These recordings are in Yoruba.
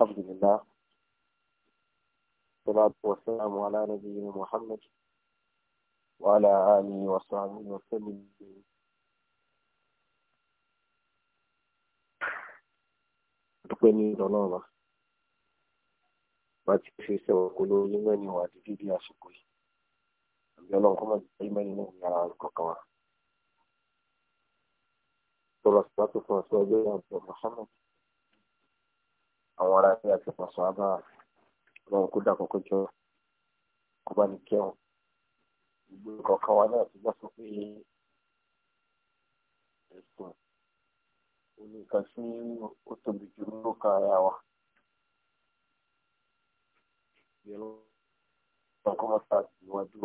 الحمد لله والصلاة والسلام على نبينا محمد وعلى آله وصحبه وسلم dúpẹ́ ní ìrọ̀lọ́run wa bá ti fi sẹ́wọ̀n kó lórí mẹ́ni wà dídí di àsìkò yìí àbí ọlọ́run kọ́ máa di mẹ́ni náà ní kọ̀ọ̀kan wa. sọ̀rọ̀ sí pàtó fún ọ̀sẹ̀ ọjọ́ ìyá àbúrò àwọn ará pé àti pàṣọ àbá ọlọ́run kó dàpọ̀ kó jọ kó bá ní kẹ́hùn gbogbo kọ̀ọ̀kan wa náà ti gbọ́ sọ pé ẹ̀sùn ó ní nǹkan tí ó tóbi jù ló kan ara wa. Ìyẹn ló ń kọ́ mọ́ta ìwájú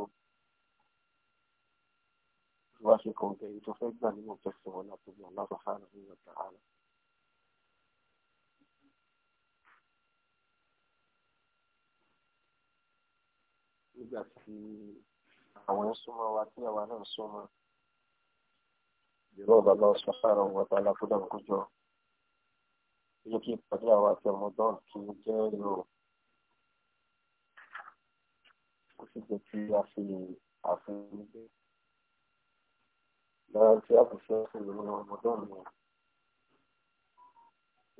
wá ṣe kàn bẹ́ẹ̀ tó fẹ́ gbà nínú ìjọsìn wọn láti bí ọlọ́run sáà nínú ìjọsìn àárẹ̀. nígbà tí àwọn súnmọ́ wa tí àwa náà súnmọ́ ìrọ̀ bàbá ọ̀sán wa tààlà fún dàgbàkójọ yóò kí ìpàdé àwọn àti ọmọdán kí n jẹ́ ìrò kó sì jẹ́ kí a fi àfihàn gbé lára tí a kò fẹ́ fún ìrò ọmọdán mi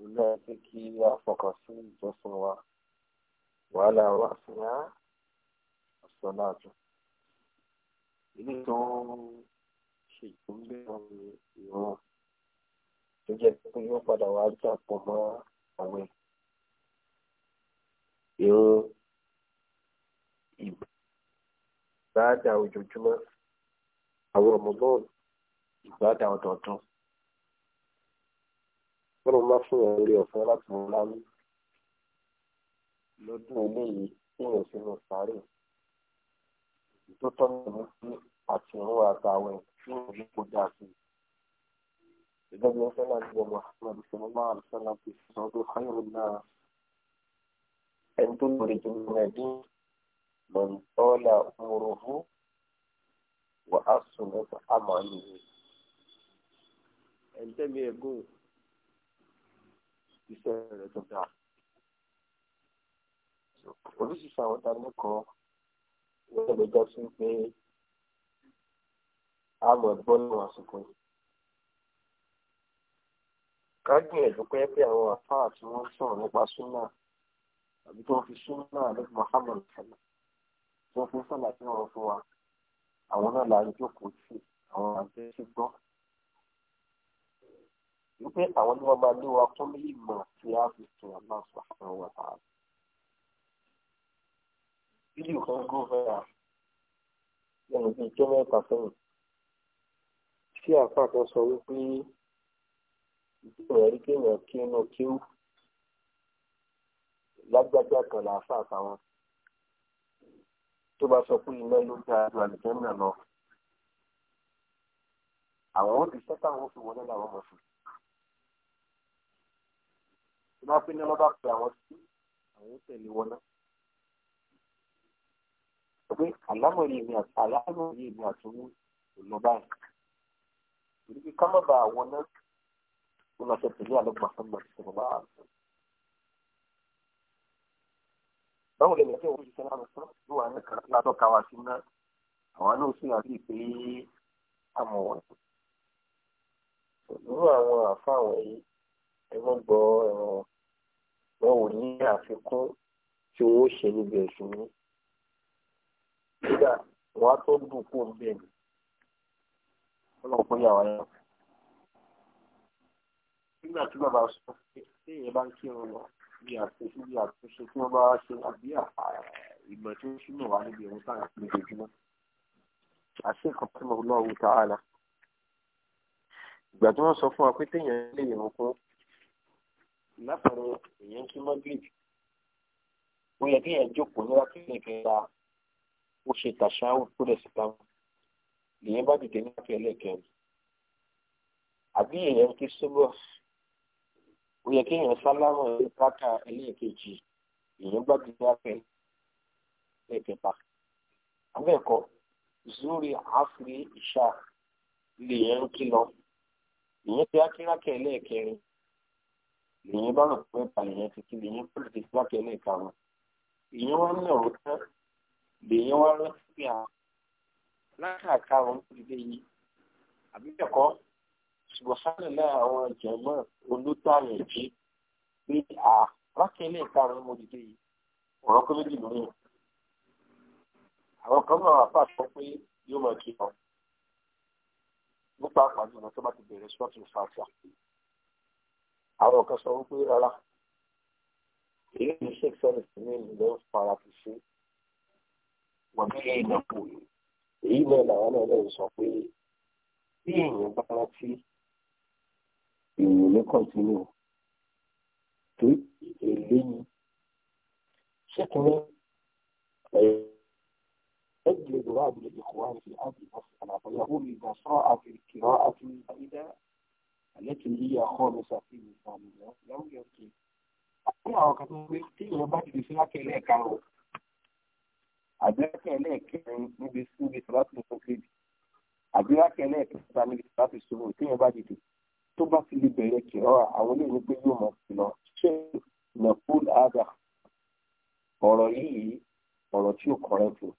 ilé ẹgbẹ́ kí a fọkàn sí ìjọsìn wa wàhálà wa fi hàn án sọláàtù ilé tí wọ́n ṣe ìpínlẹ̀ ọ̀hún ìrọ̀rùn tó jẹ́ pé wọ́n padà wá jà pọ̀ mọ́ àwọn ìrún ìgbàdà ojoojúmọ́ àwọn ọmọgbọ́n ìgbàdà ọ̀dọ̀ọ̀dún wọ́n máa fún wọn lórí ọ̀fẹ́ láti wọn lánàá lọ́dún eléyìí tí wọ́n sì lọ sáré tó tọ́nà ní sí àti òun àtàwọn ẹ̀sìn ìlú kò dáa sí i. إذا مثلا محمد صلى الله عليه وسلم في الصوت خير الناس أن تدرك المنادي من طال عمره وأصلت عمله أنت بيقول بسنة تبدأ وليس شاوة لكم wọ́n lè jọ sí pé a mọ̀ gbọ́ nínú ká gbìyànjú pé pé àwọn àfáà tí wọ́n ń nípa súnà àbí tí wọ́n fi súnà lórí Muhammad sọ̀rọ̀ tí wọ́n fi sọ̀rọ̀ tí wọ́n fún wa àwọn náà là jókòó sí àwọn àgbẹ̀ sí gbọ́. wípé àwọn ni wọ́n máa lé wa kún ní tí a fi sùn àmọ́ àṣà àwọn àtàwọn fídíò kan gò fẹ́ra lẹ́nu bíi ijọ́ mẹ́ta sẹ́yìn tí àáfàá kan sọ wípé ìdíwọ̀n rí kéèyàn kí inú kíú lágbájá kan làáfàá táwọn tó bá sọ pé iná ló dá ju àlùjẹ́mìnà lọ àwọn ó ti sẹ́ táwọn fi wọlé làwọn mọ̀ sí. tí wọ́n á pe àwọn sí àwọn ó tẹ̀lé wọn náà pé àlámọ̀rí mi àti àlámọ̀rí mi àti owó kò lọ báyìí. Torí pé ká má ba àwọn náà ó lọ ṣe tẹ̀lé àlọ́gbà sọ́gbà sọ̀rọ̀ bá a sọ. Báwo lè lè ṣe òun ṣiṣẹ́ lára sọ́rọ̀ ló wà ní kan látọ̀ ká wa sí náà? Àwọn náà sì rántí pé àmọ̀ wọ̀nyí. Irú àwọn àfáà wọ̀nyí ẹ̀rọ gbọ́ ẹ̀rọ wọn ò ní àfikún tí owó ṣe níbi ẹ̀sùn yìí. kódà wọn á tó dùn kó ń bẹ̀ ni ọlọ́run kó yà wá yà. nígbà tí bàbá sọ pé téèyàn bá ń kírun lọ bí àtúnṣe bí àtúnṣe tí wọ́n bá wá ṣe àbí ìmọ̀ tí ó súnmọ́ wá ìgbà tí sọ fún wa pé téèyàn lè èèyàn kí ó ṣe tàṣáwù kó dẹ̀ sí táwọn lèyìn bá dìde ní àfẹ́ ẹlẹ́kẹrin àbí èèyàn kí sóbọ̀ ó yẹ kí èèyàn sálámù ní pátá ẹlẹ́ẹ̀kejì èèyàn bá dìde ní àfẹ́ ẹlẹ́kẹta abẹ́ẹ̀kọ́ zuri afri isha lèyìn kí lọ lèyìn tí akírákẹ́ ẹlẹ́ẹ̀kẹrin lèyìn bá rò pé bàlẹ̀ yẹn ti kí lèyìn kó lè ti kí lákẹ́ ẹlẹ́ẹ̀karùn-ún èèyàn wá ní ọ̀rọ̀ tán lèèyàn wá lọ sí àwọn lákàkà àwọn ìdílé yìí àbíkẹ́kọ̀ọ́ subhanallah àwọn jẹ̀mọ́ olótààrẹ̀ jí pé à lákẹ́lẹ́ ìkarùn mo dìde yìí ọ̀rọ̀ pé méjì lórí ẹ̀ àwọn kan máa wà fàṣọ pé yóò máa kí ọ nípa àpàdé náà tó bá ti bẹ̀rẹ̀ sọ́ọ̀tù fàṣà àwọn kan sọ wípé rárá èyí ni sheikh sọ́ọ̀lù sí ní ìlú fara ti ṣe wọ́n bí èèyàn kò yìí èyí náà làwọn náà lè sọ pé bí èèyàn bá rántí èèyàn lè kọ́ntínú tó èlé yìí ṣẹ́kùnrin أجلد بعض الإخوان في هذه المسألة فيقول إذا صاع في القراءة البعيدة التي هي خامسة في نظامنا لم يمكن أنا وكتب اختي وبعد بسرعة إليك àbírákẹ́ ẹlẹ́ẹ̀kẹrin níbi níbi sọ́láṣí sọ́kèdì àbírákẹ́ ẹlẹ́ẹ̀kẹta níbi sọ́láṣí sọ́kèdì téèyàn bá dìde tó bá fi lè bẹ̀rẹ̀ kìrọ́ àwọn olóyìn pé yóò mọ̀ sí lọ ṣé nàpúl àgà ọ̀rọ̀ yìí ọ̀rọ̀ tí ó kọ̀rẹ́ fún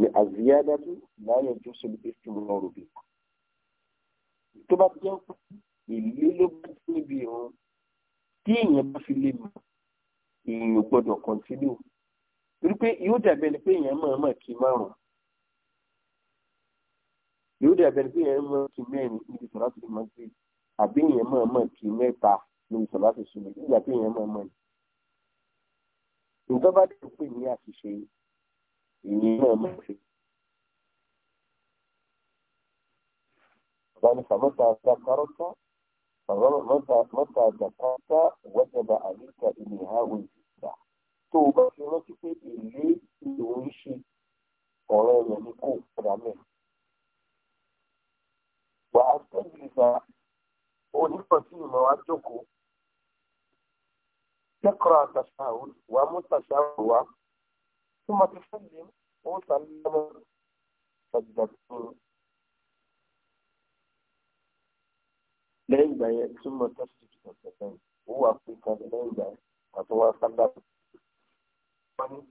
ní àzíyádájú láyé ojú sóbi èsì wọn rò bí. tó bá jẹ́ ìlú ló bá níbi ìrún tí èèyàn bá fi lè mọ̀ èèyàn gbọ́dọ̀ kọ́ntínú torí pé yóò dàbẹ̀ ni pé èèyàn máa máa kí márùn yóò dàbẹ̀ ni pé èèyàn máa kí mẹ́rin níbi sọ̀rọ̀ àti ìmọ̀ sí àbí èèyàn máa máa kí mẹ́ta níbi sọ̀rọ̀ àti ìṣúná nígbà tí èèyàn máa máa ní. nǹkan bá dé pé ní àṣìṣe ìyẹn náà máa ṣe. bani famata zakarta famata zakarta wajaba alika ilha wuli tó o bá fi rántí pé èlé ìlò ń ṣe ọ̀rọ̀ rẹ̀ ní kò padà mẹ́. wà á tẹ́lẹ̀ ìgbà onípọ̀sí ìmọ̀ wa jókòó kẹ́kọ̀ọ́ àtàṣà wa mú tàṣà wa tó máa ti fún mi ó sàlẹ̀ lọ́mọ ṣàgbàgbọ́n. lẹ́yìn ìgbà yẹn túmọ̀ tẹ́sítì tuntun ó wà pé kan lẹ́yìn ìgbà yẹn àti wọ́n á sábà tó pamọ́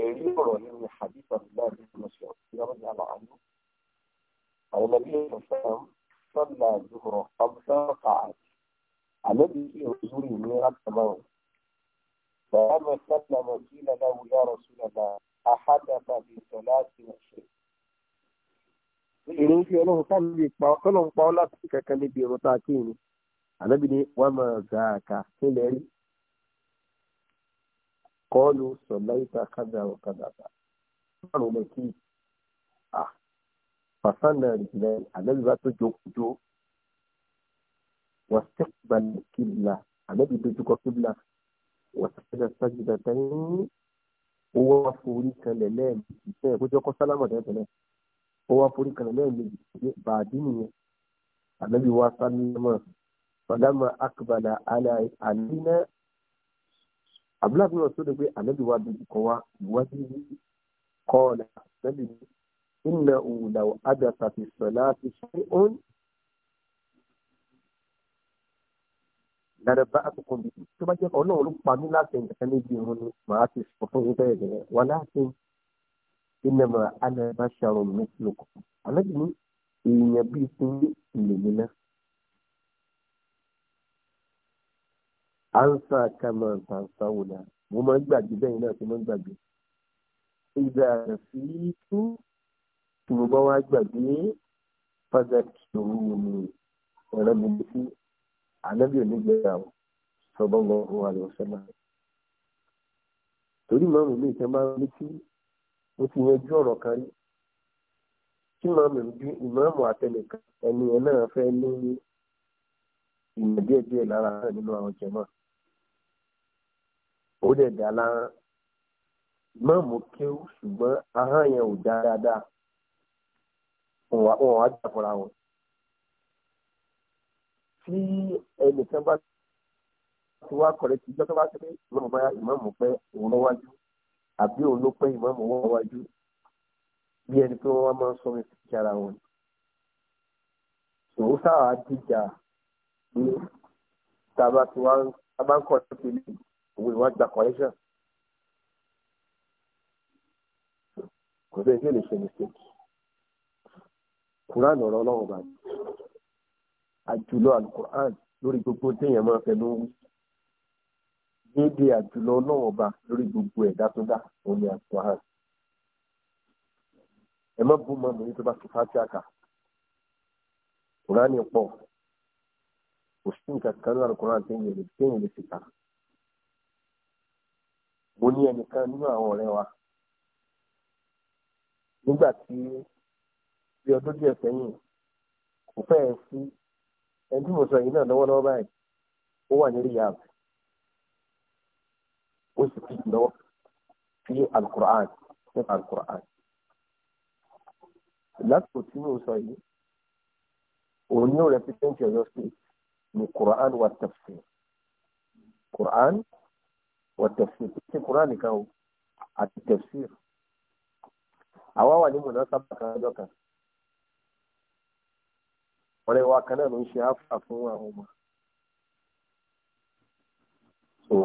ẹ̀rí ọ̀rọ̀ nínú hadith abdullahi bin musa ìyàwó ní àlọ́ àánú àwọn ọmọdé yóò fẹ́ràn sọ́dà zuhùrọ̀ ọ̀bùsọ̀ fàájì àlẹ́bí kí òṣùrì ní rákàmáwò bàbá sọ́dà mọ̀kílà láwù yàrá sùlọ̀dà àhádàbà bíi sọ̀lá àti ọ̀ṣẹ́. ìrìn fi ọlọ́run sáà níbi ìpa ọlọ́run pa ọ́ láti kẹ̀kẹ́ níbi ìrọ̀tà kí ni àlẹ́bí ni wọ́n mọ̀ gáàkà kí lẹ́rìí kọ́ọ̀lù sọ̀láìta kádà ọ̀kadà bá márùn lẹ́kì à fàṣánà rìjìlẹ̀ ànábì bá tó jókòó wà sẹ́kìbalẹ̀ kíbla ànábì dojúkọ kíbla wà sẹ́kìbalẹ̀ sájìdá tẹ́yìn ó wá forí kanlẹ̀ lẹ́ẹ̀mejì sẹ́yìn kó jẹ́ sálámà tẹ́tẹ́lẹ̀ ó wá forí kanlẹ̀ lẹ́ẹ̀mejì bàdí nìyẹn ànábì wá sálámà fàdámà akbala àlàyé àlínà abdullahi bin rasul pé anabi wa dojú kan wá ìwádìí ní kọ́ọ̀lá anabi ní inna òwúlà àdàtà fi sọ̀lá ti ṣe òun. lára bá àtúkọ̀ bíi tó bá jẹ́ ọlọ́run ló pa mí láti nǹkan níbi ìrún ni màá ti sọ fún yín bẹ́ẹ̀ gẹ́gẹ́ wà láti innama ana basharun mithlukum anabi ní èèyàn bíi ti ń lè mí náà. ansa kama ntansa wòlá mo máa ń gbàgbé bẹ́ẹ̀ náà ti máa ń gbàgbé ìgbà sí tú tí mo bá wá gbàgbé pàtàkì òru mi ẹ̀rọ mi létí ànábì onígbéyàwó sọ́bọ́ngàn òun àlùfẹ́lá torí màmú mi ìtẹ́ máa ń létí mo ti yanjú ọ̀rọ̀ kan rí tí màmú bí ìmáàmù àtẹnìkan ẹni ẹ náà fẹ́ ní ìmọ̀ díẹ̀díẹ̀ lára nínú àwọn jẹ̀mọ́ ó dẹ̀ dá láhán má mú kéwú ṣùgbọ́n ahọ́n yẹn ò dá dáadáa wọn á jà fúnra wọn. tí ẹnìkan bá ti wá kọ̀rẹ́ tí ìjọ́ tó bá ti pé ìmọ̀mù bá ìmọ̀mù pẹ́ òun lọ wájú àbí òun ló pẹ́ ìmọ̀mù wọ́n wájú bí ẹni pé wọ́n máa ń sọ mi sí ara wọn. òun sáà á dìjà pé tá a bá ti wá tá a bá ń kọ̀rẹ́ owó ìwà gba correction kò sí ẹgbẹ́ lè ṣe mistake Quran ọ̀rọ̀ ọlọ́run bá ní àjùlọ alukur'an lórí gbogbo téèyàn máa fẹnu wí déédéé àjùlọ ọlọ́run ọba lórí gbogbo ẹ̀dá tó dá òun ni alukur'an ẹ má bú mọ́ mi tó bá ti fásitì àkà Quran pọ̀ kò sí nǹkan kan lórí alukur'an téèyàn lè téèyàn lè fi kà á mo ní ẹnìkan nínú àwọn ọ̀rẹ́ wa nígbà tí bí ọdún díẹ̀ sẹ́yìn kò fẹ́ẹ́ sí ẹni tí mo sọ yìí náà lọ́wọ́lọ́wọ́ báyìí ó wà ní riyadh ó sì kì í lọ́wọ́ alukur'an nípa alukur'an lásìkò tí mo sọ yìí òun ni ó rẹpítẹ́ǹtì ọ̀yọ́ sí ní kur'an wa tafsir kur'an wọ́n tẹ̀síìr ṣé Quran nìkan o àti tẹ̀síìr àwa wà ní mọ̀nàsábà kan lọ́jọ́ kan ọ̀rẹ́ wa kan náà ló ń ṣe áfà fún àwọn ọmọ so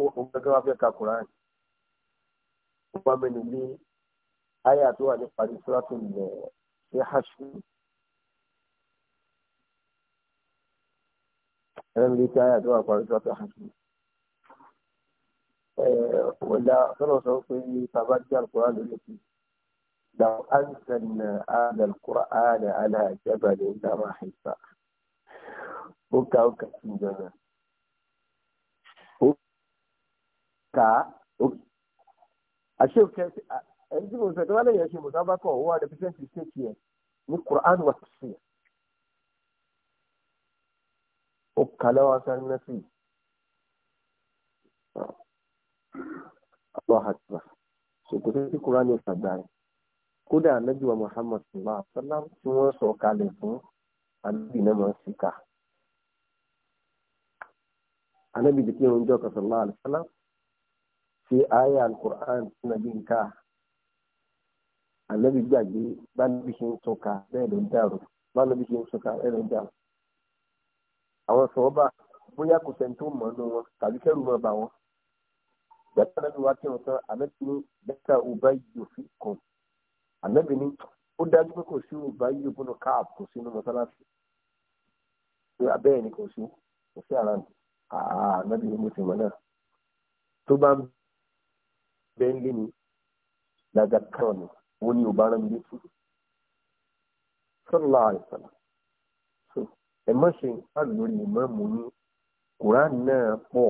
ó gẹ́gẹ́ wá fẹ́ ka Quran ó bá mẹ́nu ní àyà tó wà nípa ní sọ́ràtò ilẹ̀ ṣé hàṣù ẹ̀rọ ní tó wà nípa ní sọ́ràtò hàṣù ọ̀la sọ̀rọ̀ sọ pé bàbá jẹ́ alukur'an lórí ti law anzalna hadha al-Qur'ana ala jabalin lara'ayta ó ka ó ka sí ìjọba ó ka ó àṣé òkè ẹni tí mo sọ tó wá lè yẹ ṣe mùsàbákọ̀ ó wà rẹpẹsẹ̀ntì stéèkì ẹ̀ ní kur'an wà sí ẹ̀ ó ka lọ́wọ́ sanni náà sí i. allah akbar so kò sí kúránì ìfàgbáyé kódà anábìwá muhammad sallallahu alaihi wa sallam tí wọ́n sọ kalẹ̀ fún anábì náà máa ń sika anábì sallallahu alaihi wa sallam ṣe ayé alukur'an nàbí nká anábì gbàgbé bánabi ṣe ń sọka bẹ́ẹ̀ bẹ́ẹ̀ náà ni wàá kí wọn tán ànábì ní bẹ́ẹ̀ ọba yìí fi kàn ànábì ní ó dájú pé kò sí ọba yìí ògbónà káàb kò sí inú mọ́sálásí abẹ́ẹ̀ ni kò sí kò sí àrán ànábì ní mo ti mọ̀ náà tó bá ń bẹ́ẹ̀ lé mi lágàtọ̀ ni wọ́n ní ọba rán mi létí sallallahu alaihi wasallam ẹ má ṣe ń pàdé lórí ìmọ̀ mọ́ ní kùrán náà pọ̀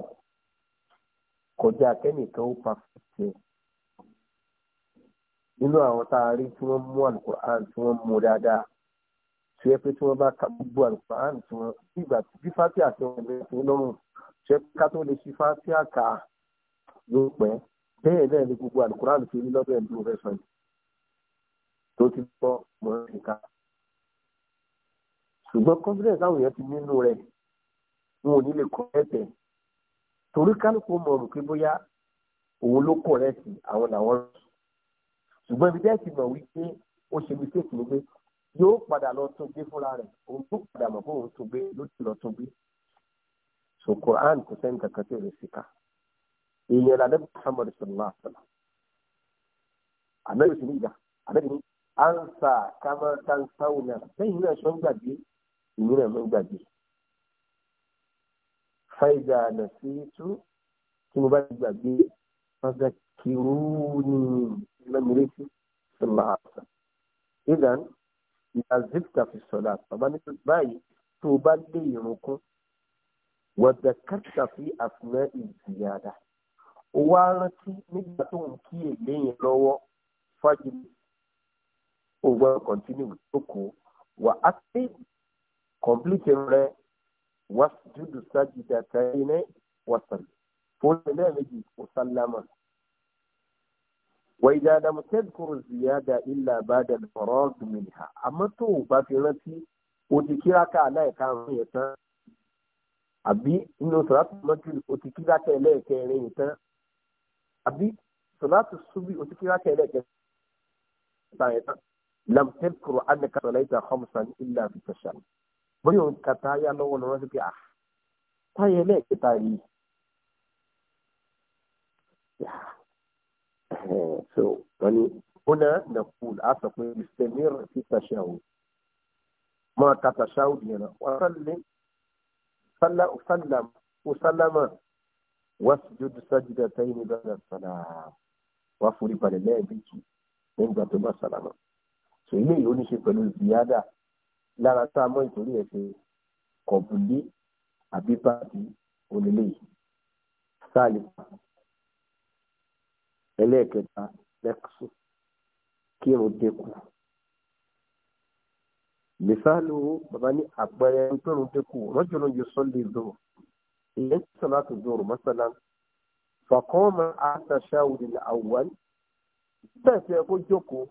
kọjá kẹ́nìkan ó pa fìtì ẹ̀. nínú àwọn tá a rí tí wọ́n mú alukur'an tí wọ́n mú dáadáa tí wọ́n pé tí wọ́n bá ka gbogbo alukur'an tí wọ́n bígbà bí fati àti wọn lè fi lọ́rùn tí wọ́n ká tó lè ṣe fati àkà ló pẹ́ bẹ́ẹ̀ náà ni gbogbo alukur'an ti rí lọ́bẹ̀ ìlú rẹ̀ sọ̀rọ̀ tó ti gbọ́ mọ̀ ní ká. ṣùgbọ́n confidence àwọn èèyàn ti nínú rẹ̀ wọn ò ní lè kọ́ ẹ̀tẹ̀ torí kálukú mọ̀ rò pé bóyá òun ló kọ̀ rẹ̀ sí àwọn làwọn rẹ̀ ṣùgbọ́n ibi bẹ́ẹ̀ ti mọ̀ wípé ó ṣe mistake ni pé yóò padà lọ tún gbé fúnra rẹ̀ òun tó padà mọ̀ pé òun tún gbé ló ti lọ tún gbé so Quran kò sẹ́ni kankan tí ò lè èèyàn làdé Muhammad sallallahu alaihi àmẹ́rì sí ìjà àmẹ́rì ní ansa kama tansauna sẹ́yìn náà ṣọ́ ń gbàgbé ìmíràn ló ń fáìdà àná sí tú tí mo bá ti gbàgbé ọ̀sẹ̀ kìrú ni lọ́mìrẹ́sì sọ̀lá àṣà. ìdán ìyá zipta fi sọ̀lá àṣà bá ní báyìí tó o bá lé ìrun kún wọ̀dà kẹta fi àfihàn ìzìyàdà. ó wá rántí nígbà tó ń kí èlé yẹn lọ́wọ́ fájú ògbọ́n kọ̀ntínú tó kù wà á ti kọ̀m̀plìtì rẹ̀ wasjudu sajdatayni wasalli fúnni lẹ́ẹ̀mejì kò sálámà. wa idha lam tadhkur ziyada illa ba'da al-faragh minha àmọ́ tó o bá fi rántí o ti kíráka aláìka àrùn yẹn tán àbí inú sọ̀rọ̀tù mọ́jú o ti kíráka ẹlẹ́ẹ̀kẹrin yẹn tán àbí sọ̀rọ̀tù súbì o ti kíráka ẹlẹ́ẹ̀kẹrin yẹn tán lam tadhkur annaka sallaita khamsan illa fi bóyá òun kàtà ayá lọ́wọ́ lọ́wọ́ sí pé à ah, táyà ẹlẹ́ẹ̀kẹta yìí so wọ́n ní bóná nàkúl á sọ pé ìsẹ̀mìr sí tàṣàwò máa ka tàṣàwò yẹn náà wọ́n sálẹ̀ sálàm ó sálàmà wọ́n sì dúdú sájúdà táyà ní bàbá sàlà wọ́n forí balẹ̀ lẹ́ẹ̀mejì nígbà tó so ilé yìí ó ní ṣe ziyada lára tá a mọ ìtòrí ẹ̀ ṣe kọ̀bùlé àbí báàbí onílé yìí sáàlì ẹlẹ́ẹ̀kẹta lẹ́kṣù kí irun dínkù mìsáàlù bàbá ní àpẹẹrẹ ìtòrùn dínkù rọ́jòló yóò sọ lè dò ìyẹn ti sọ̀rọ̀ àti dòrò mọ́sálá fàkọ́ọ́mà àtàṣà òdìlà àwọn bẹ́ẹ̀ fi ẹ kó jókòó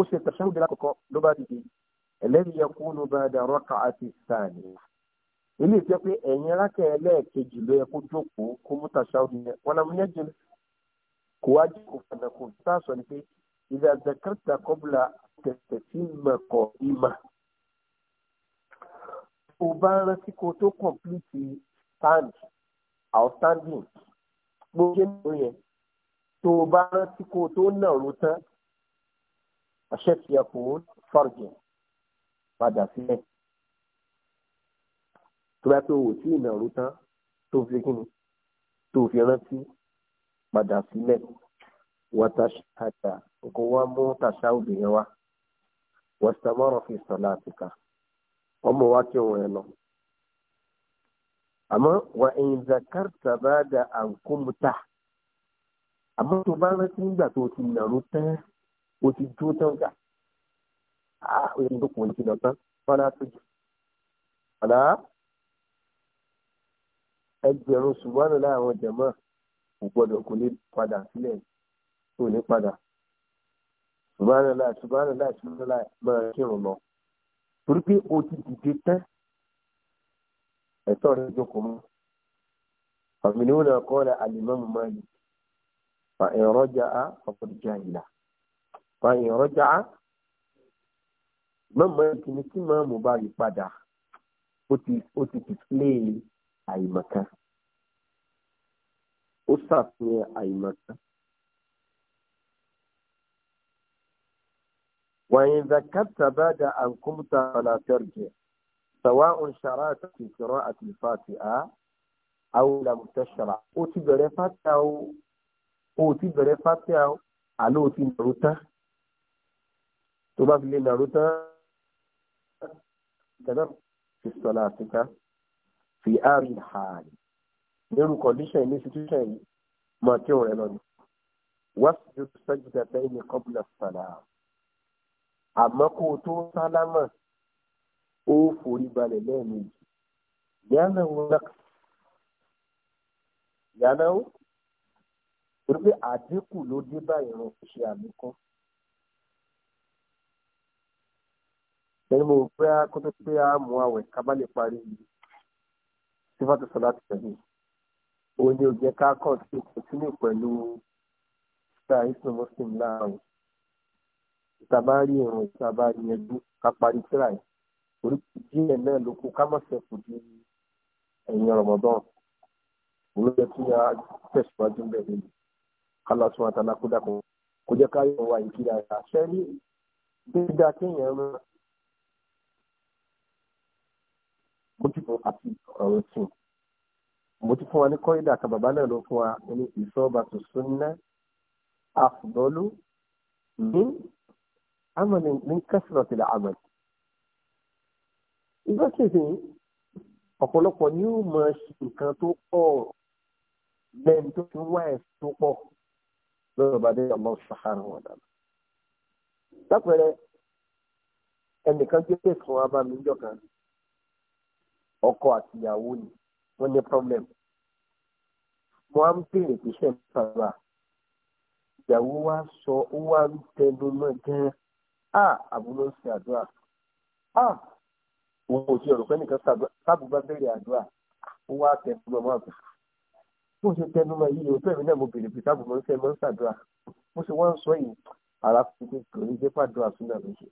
kó ṣe tàṣàhùdù lákọ̀ọ́kọ́ ló bá dìde alladhi yakunu ba'da rak'ati thaniya ilé ìjẹ́ pé ẹ̀yìn rákẹ́ ẹlẹ́ẹ̀kejì ló yẹ kó jókòó kó mú tàṣàhùdù yẹn wọn làwọn yẹn jẹ kó wá jẹ òfin ẹ̀kọ́ tá a sọ ni pé idha dhakarta qabla tẹ̀tẹ̀ tí mẹ̀kọ́ ìmà o bá ń rántí kó tó complete stand outstanding gbogbo yẹn tó o bá rántí kó tó nàró tán الشيخ يقول فرجع padà sílẹ̀ tó bá pé òwò tí ìnàrú tán tó fi kíni tó fi rántí padà sílẹ̀ wàtàṣàtà nǹkan wá mú tàṣà obìnrin wa wàtàmọ́rọ̀ fi sọ̀lá àtìkà ọmọ wa tí òun ẹ o ti dúró tán gbà á o yẹ kí n tó kùn ìjìnlẹ̀ tán fọlá tó jù ọ̀dà ẹgbẹ̀rún ṣùgbọ́n láàrin jẹ̀mọ́ kò gbọ́dọ̀ kò ní padà sílẹ̀ kò ní padà ṣùgbọ́n láì ṣùgbọ́n láì ṣùgbọ́n láì máa kírun lọ torí pé o ti dìde tán ẹ̀tọ́ rẹ̀ jókòó mọ́ àmì ni ó kọ́ ọ́ la àlìmọ́ mọ́ máa yìí fa ẹ̀rọ jà á ọ̀pọ̀ ìjà ìlà fàyìn rọ́jà mọ́mọ́ ìkíni tí mọ́mọ́ bá yí padà ó ti ó ti display àìmọ̀kan ó ṣàfihàn àìmọ̀kan. وإن ذكرت بعد أن قمت فلا ترجع سواء شرعت في قراءة الفاتحة أو لم تشرع أو تبري فاتحة أو تبري فاتحة أو تبري tó bá fi lè nàró tán tẹ̀lé fi sọ̀lá àtúntà fi àárín ààrẹ nírú condition ní situation yìí mọ̀ tí òun rẹ̀ lọ ni wá sí ju sẹ́jìdá tẹ́yìn ní kọ́bùlà sọ̀lá àmọ́ kó o tó sálámà ó forí balẹ̀ lẹ́ẹ̀mejì yánà wọn yánà ó torí pé àdínkù ló dé báyìí wọn kò ṣe àlékún. lẹ́yìn mo pé kótó pé a mú àwẹ̀ kábà lè parí sífàtò sọ láti tẹ̀lé òun ni òjẹ́ ká kàn sí ìkùnsínú pẹ̀lú ṣíṣà ìsìn muslim láàrin ìtàbá rí ìrùn ìtàbá rí ẹjú ká parí tíra yìí orí díẹ̀ náà ló kú ká má ṣẹ́kù di ẹ̀yìn rọ̀mọ́dán òun yẹ kí a tẹ̀síwájú bẹ̀rẹ̀ yìí ká lọ sún àtàlákúdà kan kò jẹ́ ká yọ̀ wá ìkíra mójútó àti ọ̀rọ̀ tù mo ti fún wa ní kọ́ídà kan bàbá náà ló fún wa ní ìsọ́ba tó súnná àfùdọ́lù ní amọ̀lẹ̀ ní kẹsìlọ̀ tìlẹ̀ àmọ̀lẹ̀. ìgbà kejì ọ̀pọ̀lọpọ̀ ni ó mọ nǹkan tó pọ̀ lẹ́nu tó fi wá ẹ̀sìn tó pọ̀ lọ́rọ̀ bá dé ọmọ sàárà wọn dànù. lápẹẹrẹ ẹnìkan gbé pèsè fún wa bá mi jọ kan ọkọ àti ìyàwó ni wọ́n ní problem. mo á ń béèrè pé ṣe ń fara ìyàwó wa sọ ó wá ń tẹnu náà gan-an á àbúrò ń ṣe àdúrà á òun ò ti ọ̀rọ̀ pé nìkan sábùgbà bẹ̀rẹ̀ àdúrà ó wá tẹnu náà mọ́ àbùkù bó ṣe tẹnu mọ́ yìí òótọ́ ìrìn náà mo béèrè pé sábùgbà ń ṣe mọ́ ń ṣàdúrà bó ṣe wá ń sọ yìí ara fi kò ní jẹ́ pàdúrà sínú àbẹ̀ṣe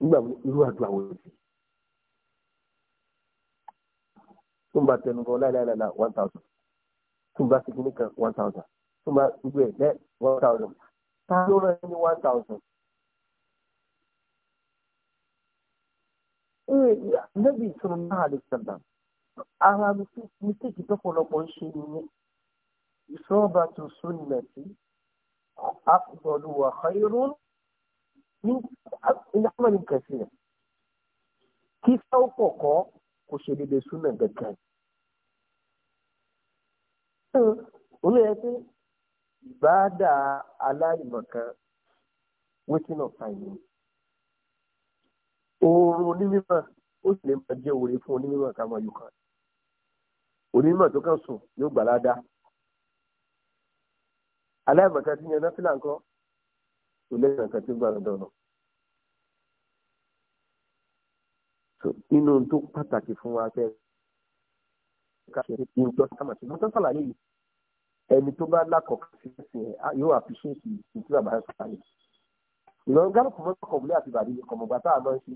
nígbà irú àdúrà wo ni. tó ń bá tẹnu bọ láìláìláìlá one thousand tó ń bá kan one thousand tó ń bá gbogbo ẹ̀ lẹ́ one thousand ta ló rán one thousand. Nabi sallallahu alaihi wasallam ara mistake tọ́pọ̀lọpọ̀ ń ṣe nìyẹn ìṣọ́ba tó súnlẹ̀ sí afdalu wa khairun ní ìyá mọ̀ ní kẹsì rẹ̀ kí sáwọ́ pọ̀ kọ́ kó ṣe dédé súnà gẹ̀gẹ̀. Olú yẹ pé ìbáàdà aláìmọ̀kan waiting of time ni. Oorun onímọ̀ ó sì lè máa jẹ́ oore fún onímọ̀ ká máa yọ kan. Onímọ̀ tó kàn sùn yóò gbà ládàá. Aláìmọ̀kan ti yan náfìlà ńkọ́? Kò lẹ́yìn ọ̀kan tí ó gbà lọ́dọ̀ náà. nínú tó pàtàkì fún wa fẹ́ ká ṣe ní ìjọ sábà ṣe mọ́tò sàlàyé yìí ẹni tó bá lákọ̀ọ́kọ́ sí ẹsẹ̀ yóò àfiṣẹ́sì ìtú àbáyọ sàlàyé ìlọrin gáàlù kò mọ́ kọ̀ọ̀bùlé àti ìbàdí ni kọ̀mọ̀gbà tá a máa ń ṣe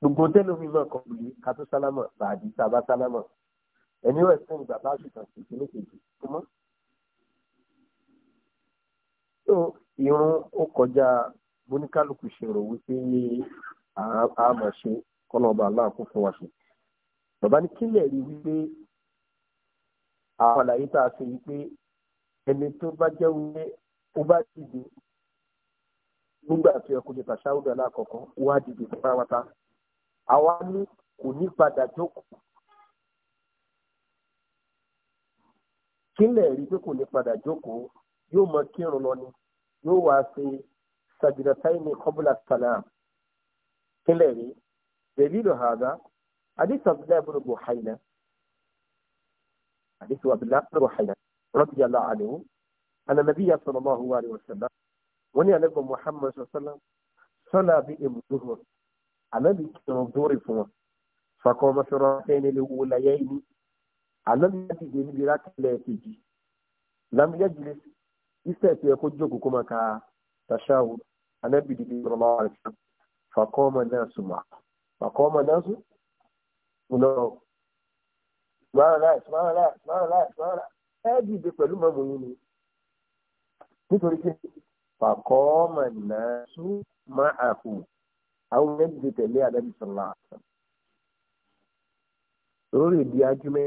gbogbo tẹ́lẹ̀ mi máa kọ̀ọ̀bùlé kátó sálámà bàdí sábà sálámà ẹni wọ́n ẹ̀sìn ìgbà bá ṣùgbọ́n ìpínlẹ̀ kejì tó mọ́. irun ó kọjá bóníkálukú ṣèrò wípé àmọ̀ ṣe kọ́nà ọba aláàkó fún wa ṣe. bàbá ní kílẹ̀ rí wípé àwọn àlàyé tá a ṣe wípé ẹni tó bá jẹ́ wípé ó bá dìde nígbà tó yẹ kó ṣe tàṣáwùdù aláàkọ́kọ́ wá dìde pátápátá àwa ní kò ní padà jókòó. kílẹ̀ rí pé kò ní padà jókòó yóò mọ kírun lọ ni yóò wá ṣe sàgìdàtáì ní kọ́bùlà sàlám كلاري دليل هذا حديث عبد الله بن بحيلة حديث عبد الله بن بحيلة رضي الله عنه أن النبي صلى الله عليه وسلم وني النبي محمد صلى الله عليه وسلم صلى بهم الظهر النبي كان الظهر فما فقام شراتين الأوليين النبي يجي بلاك التي لم يجلس يستطيع كجوك كما تشاور النبي صلى الله عليه وسلم فقام الناس معه فقام الناس له اسمعوا لا اسمعوا لا اسمعوا لا اسمعوا لا ẹ dìde pẹ̀lú mọ́mọ́ yín فقام الناس معه àwọn yẹn dìde tẹ̀lé ànábì sọ̀rọ̀ àṣà lórí ìdí ajúmẹ́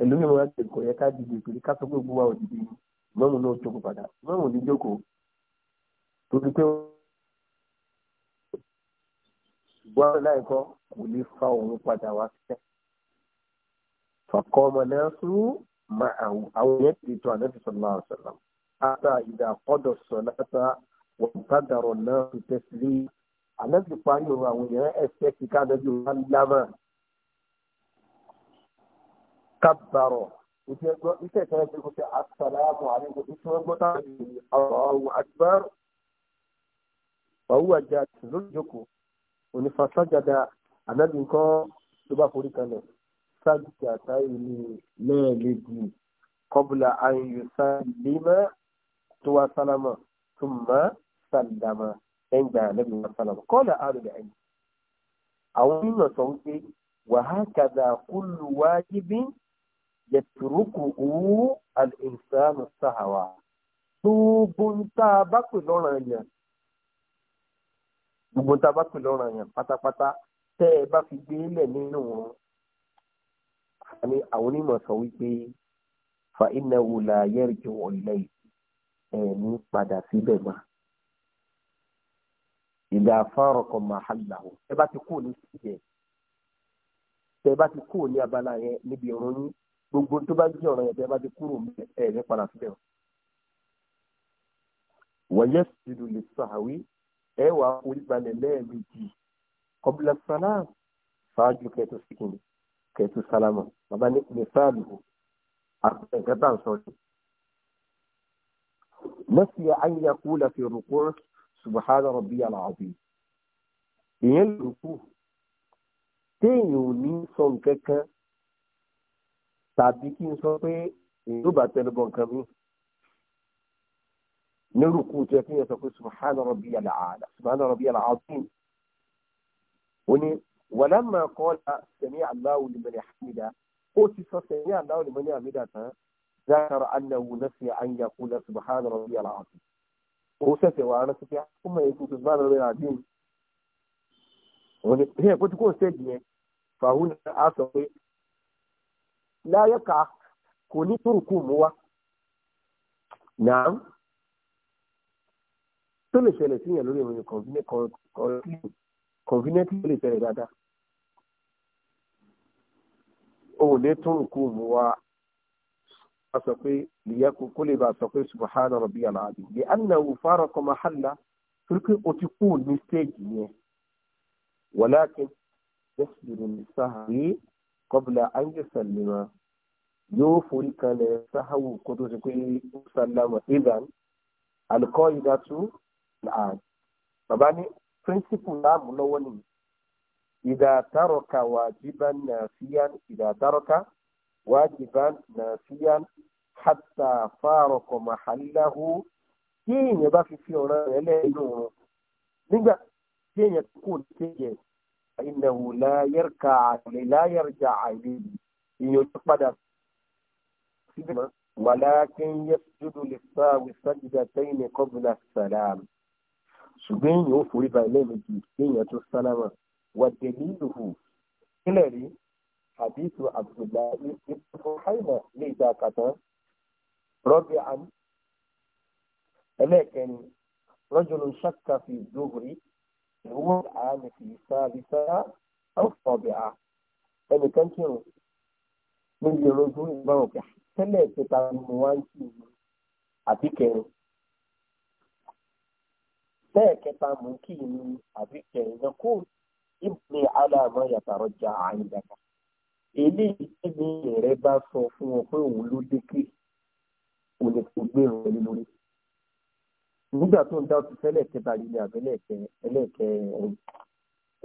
ẹlòmíì wọn ṣe kò yẹ ká dìde pé ká sọ pé gbogbo wa ò dìde mọ́mù náà jókòó padà mọ́mù ní jókòó torí pé wà láìkọ́ kò lè fa òun padà wá sílẹ̀ fọkọ ọmọ náà sún ma àwọn àwọn yẹn ti tó àná ti sọ náà sọlá àtà ìdá àkọdọ sọ láta wọn tàdàrọ náà ti tẹsílẹ àná ti parí òun àwọn yẹn ẹsẹ kíkà náà ti wà lámà kabbaro ìṣe ẹgbọ́ ìṣe ìṣẹ̀lẹ̀ pé kò ṣe asàlámù àlejò ìṣe ẹgbọ́ táwọn ènìyàn Allahu akbar wàhùwà jà lórí ìjókòó onífàsájàdá ànábì nǹkan ló bá forí kalẹ̀ sáàjì àtàyè ní lẹ́ẹ̀mejì kọ́bùlà ayò sálímà tó wá sálámà tó má sàlámà ẹ̀ǹgbà ànábì wá sálámà kọ́là àrùn ẹ̀yìn. àwọn onímọ̀ sọ wípé wàhákàdà kúlù wájibin yẹtùrúkù wú àdìsánù sàhàwà gbogbo ń tá a bá pè lọ́ràn yẹn gbogbo ń tá a bá pè lọ́ràn yẹn pátápátá tẹ́ ẹ bá fi gbé lẹ̀ nínú wọn àní àwọn onímọ̀ sọ wípé fa iná wo la yẹ́rìjú ọ̀lẹ́ ẹ̀mí padà síbẹ̀ mọ́ ìdá afárọ̀kọ̀ màhálà ẹ bá ti kú ní síbẹ̀ ẹ bá ti kú ní abala yẹn níbi ìròyìn gbogbo tó bá jẹ́ ọ̀rọ̀ yẹn tẹ́ bá ti kúrò ẹ̀ ní padà sílẹ̀ o. wọ́yẹ́ sídùú lè sàwí ẹ wà oríbalẹ̀ lẹ́ẹ̀mejì kọ́bílà sálámù ṣáájú kẹtù síkìnì kẹtù sálámù bàbá ní mẹ́sàlù nǹkan tá à ń sọ ni. nọ́ọ̀sì àyìnlá kú láti rúkú subahana rabbi alaabi ìyẹn lùkù téèyàn ò ní sọ nǹkan tàbí kí n sọ pé èyí ò bá tẹnubọ nǹkan mi nírùkú tó yẹ kí n sọ pé subhana rabbiyal aala subhana rabbiyal azim ó ní walamma qala sami'a Allahu liman hamida ó ti sọ sami'a Allahu liman hamida tán zakara annahu nasiya an yaqula subhana rabbiyal azim ó ṣẹ̀ṣẹ̀ wà á rántí pé ó mọ̀ èkó subhana rabbiyal azim ó ní ẹ̀ kó tí kò ń ṣe jìyẹn fàáhùn á sọ pé لا ká كوني ní túrùkù mú wa náà tó lè ṣẹlẹ̀ sí yẹn lórí ìròyìn conveniently tó lè ṣẹlẹ̀ dáadáa o ò ní túrùkù mú wa a sọ pé lìyẹ́kù kó lè bá a sọ pé subahana rabi alaadi lè anna wò fara kọ́ mahalla torí o ti kú ní stéèjì yẹn wàlákin yẹ́sùn ní sáà kọ́bùlà ángẹ́sàlìmọ́ yóò forí kalẹ̀ sáháwù kó tó ti pé sálámà ivan alùkọ́ ìdátú làn. bàbá ní píríncípù láàmú lọ́wọ́ nìyí ìdàtàrọ̀kà wàjibán nàfíàn ìdàtàrọ̀kà wàjibán nàfíàn hàtà fárọ̀kọ̀ màhálàhù tí èèyàn bá fi fi ọ̀ràn rẹ̀ lẹ́yìn òun nígbà tí èèyàn kò ní kéèyàn ìnáwó láyẹ̀rká àlè láyẹ̀rjà àlè ìyẹn tó padà síbi mọ́ wàlákin yẹ́sùdù lè sá wìsájúdà tẹ́yìn ní kọ́bùlà sàlám ṣùgbọ́n èèyàn ò forí ba ẹlẹ́ẹ̀mejì èèyàn tó sálámà wà dẹ̀lí lùhù kílẹ̀ rí hadithu abdullahi ibnu haima lè dá kàtán rọ́bì àmì ẹlẹ́ẹ̀kẹ́ni rọ́jòló ṣàkàfì dógùrí ìwọ àmì kì í sá à ẹnìkan kírun níbi ìrojú ìbáwọn pẹ̀ tẹ́lẹ̀ ìpẹta ni mo wá ń kí ìlú àbí kẹrin bẹ́ẹ̀ kẹta mò ń kí ìlú àbí kẹrin náà kó ìbùnmi aláàmọ́ yàtàrọ̀ ja àyìnbàkà eléyìí tí mi rẹ bá sọ fún ọ pé òun ló dékè òun ni kò gbé ìrànlẹ́ lórí. nígbà tó ń dá oṣù fẹ́lẹ̀ kẹta yìí ni àbí ẹlẹ́ẹ̀kẹrin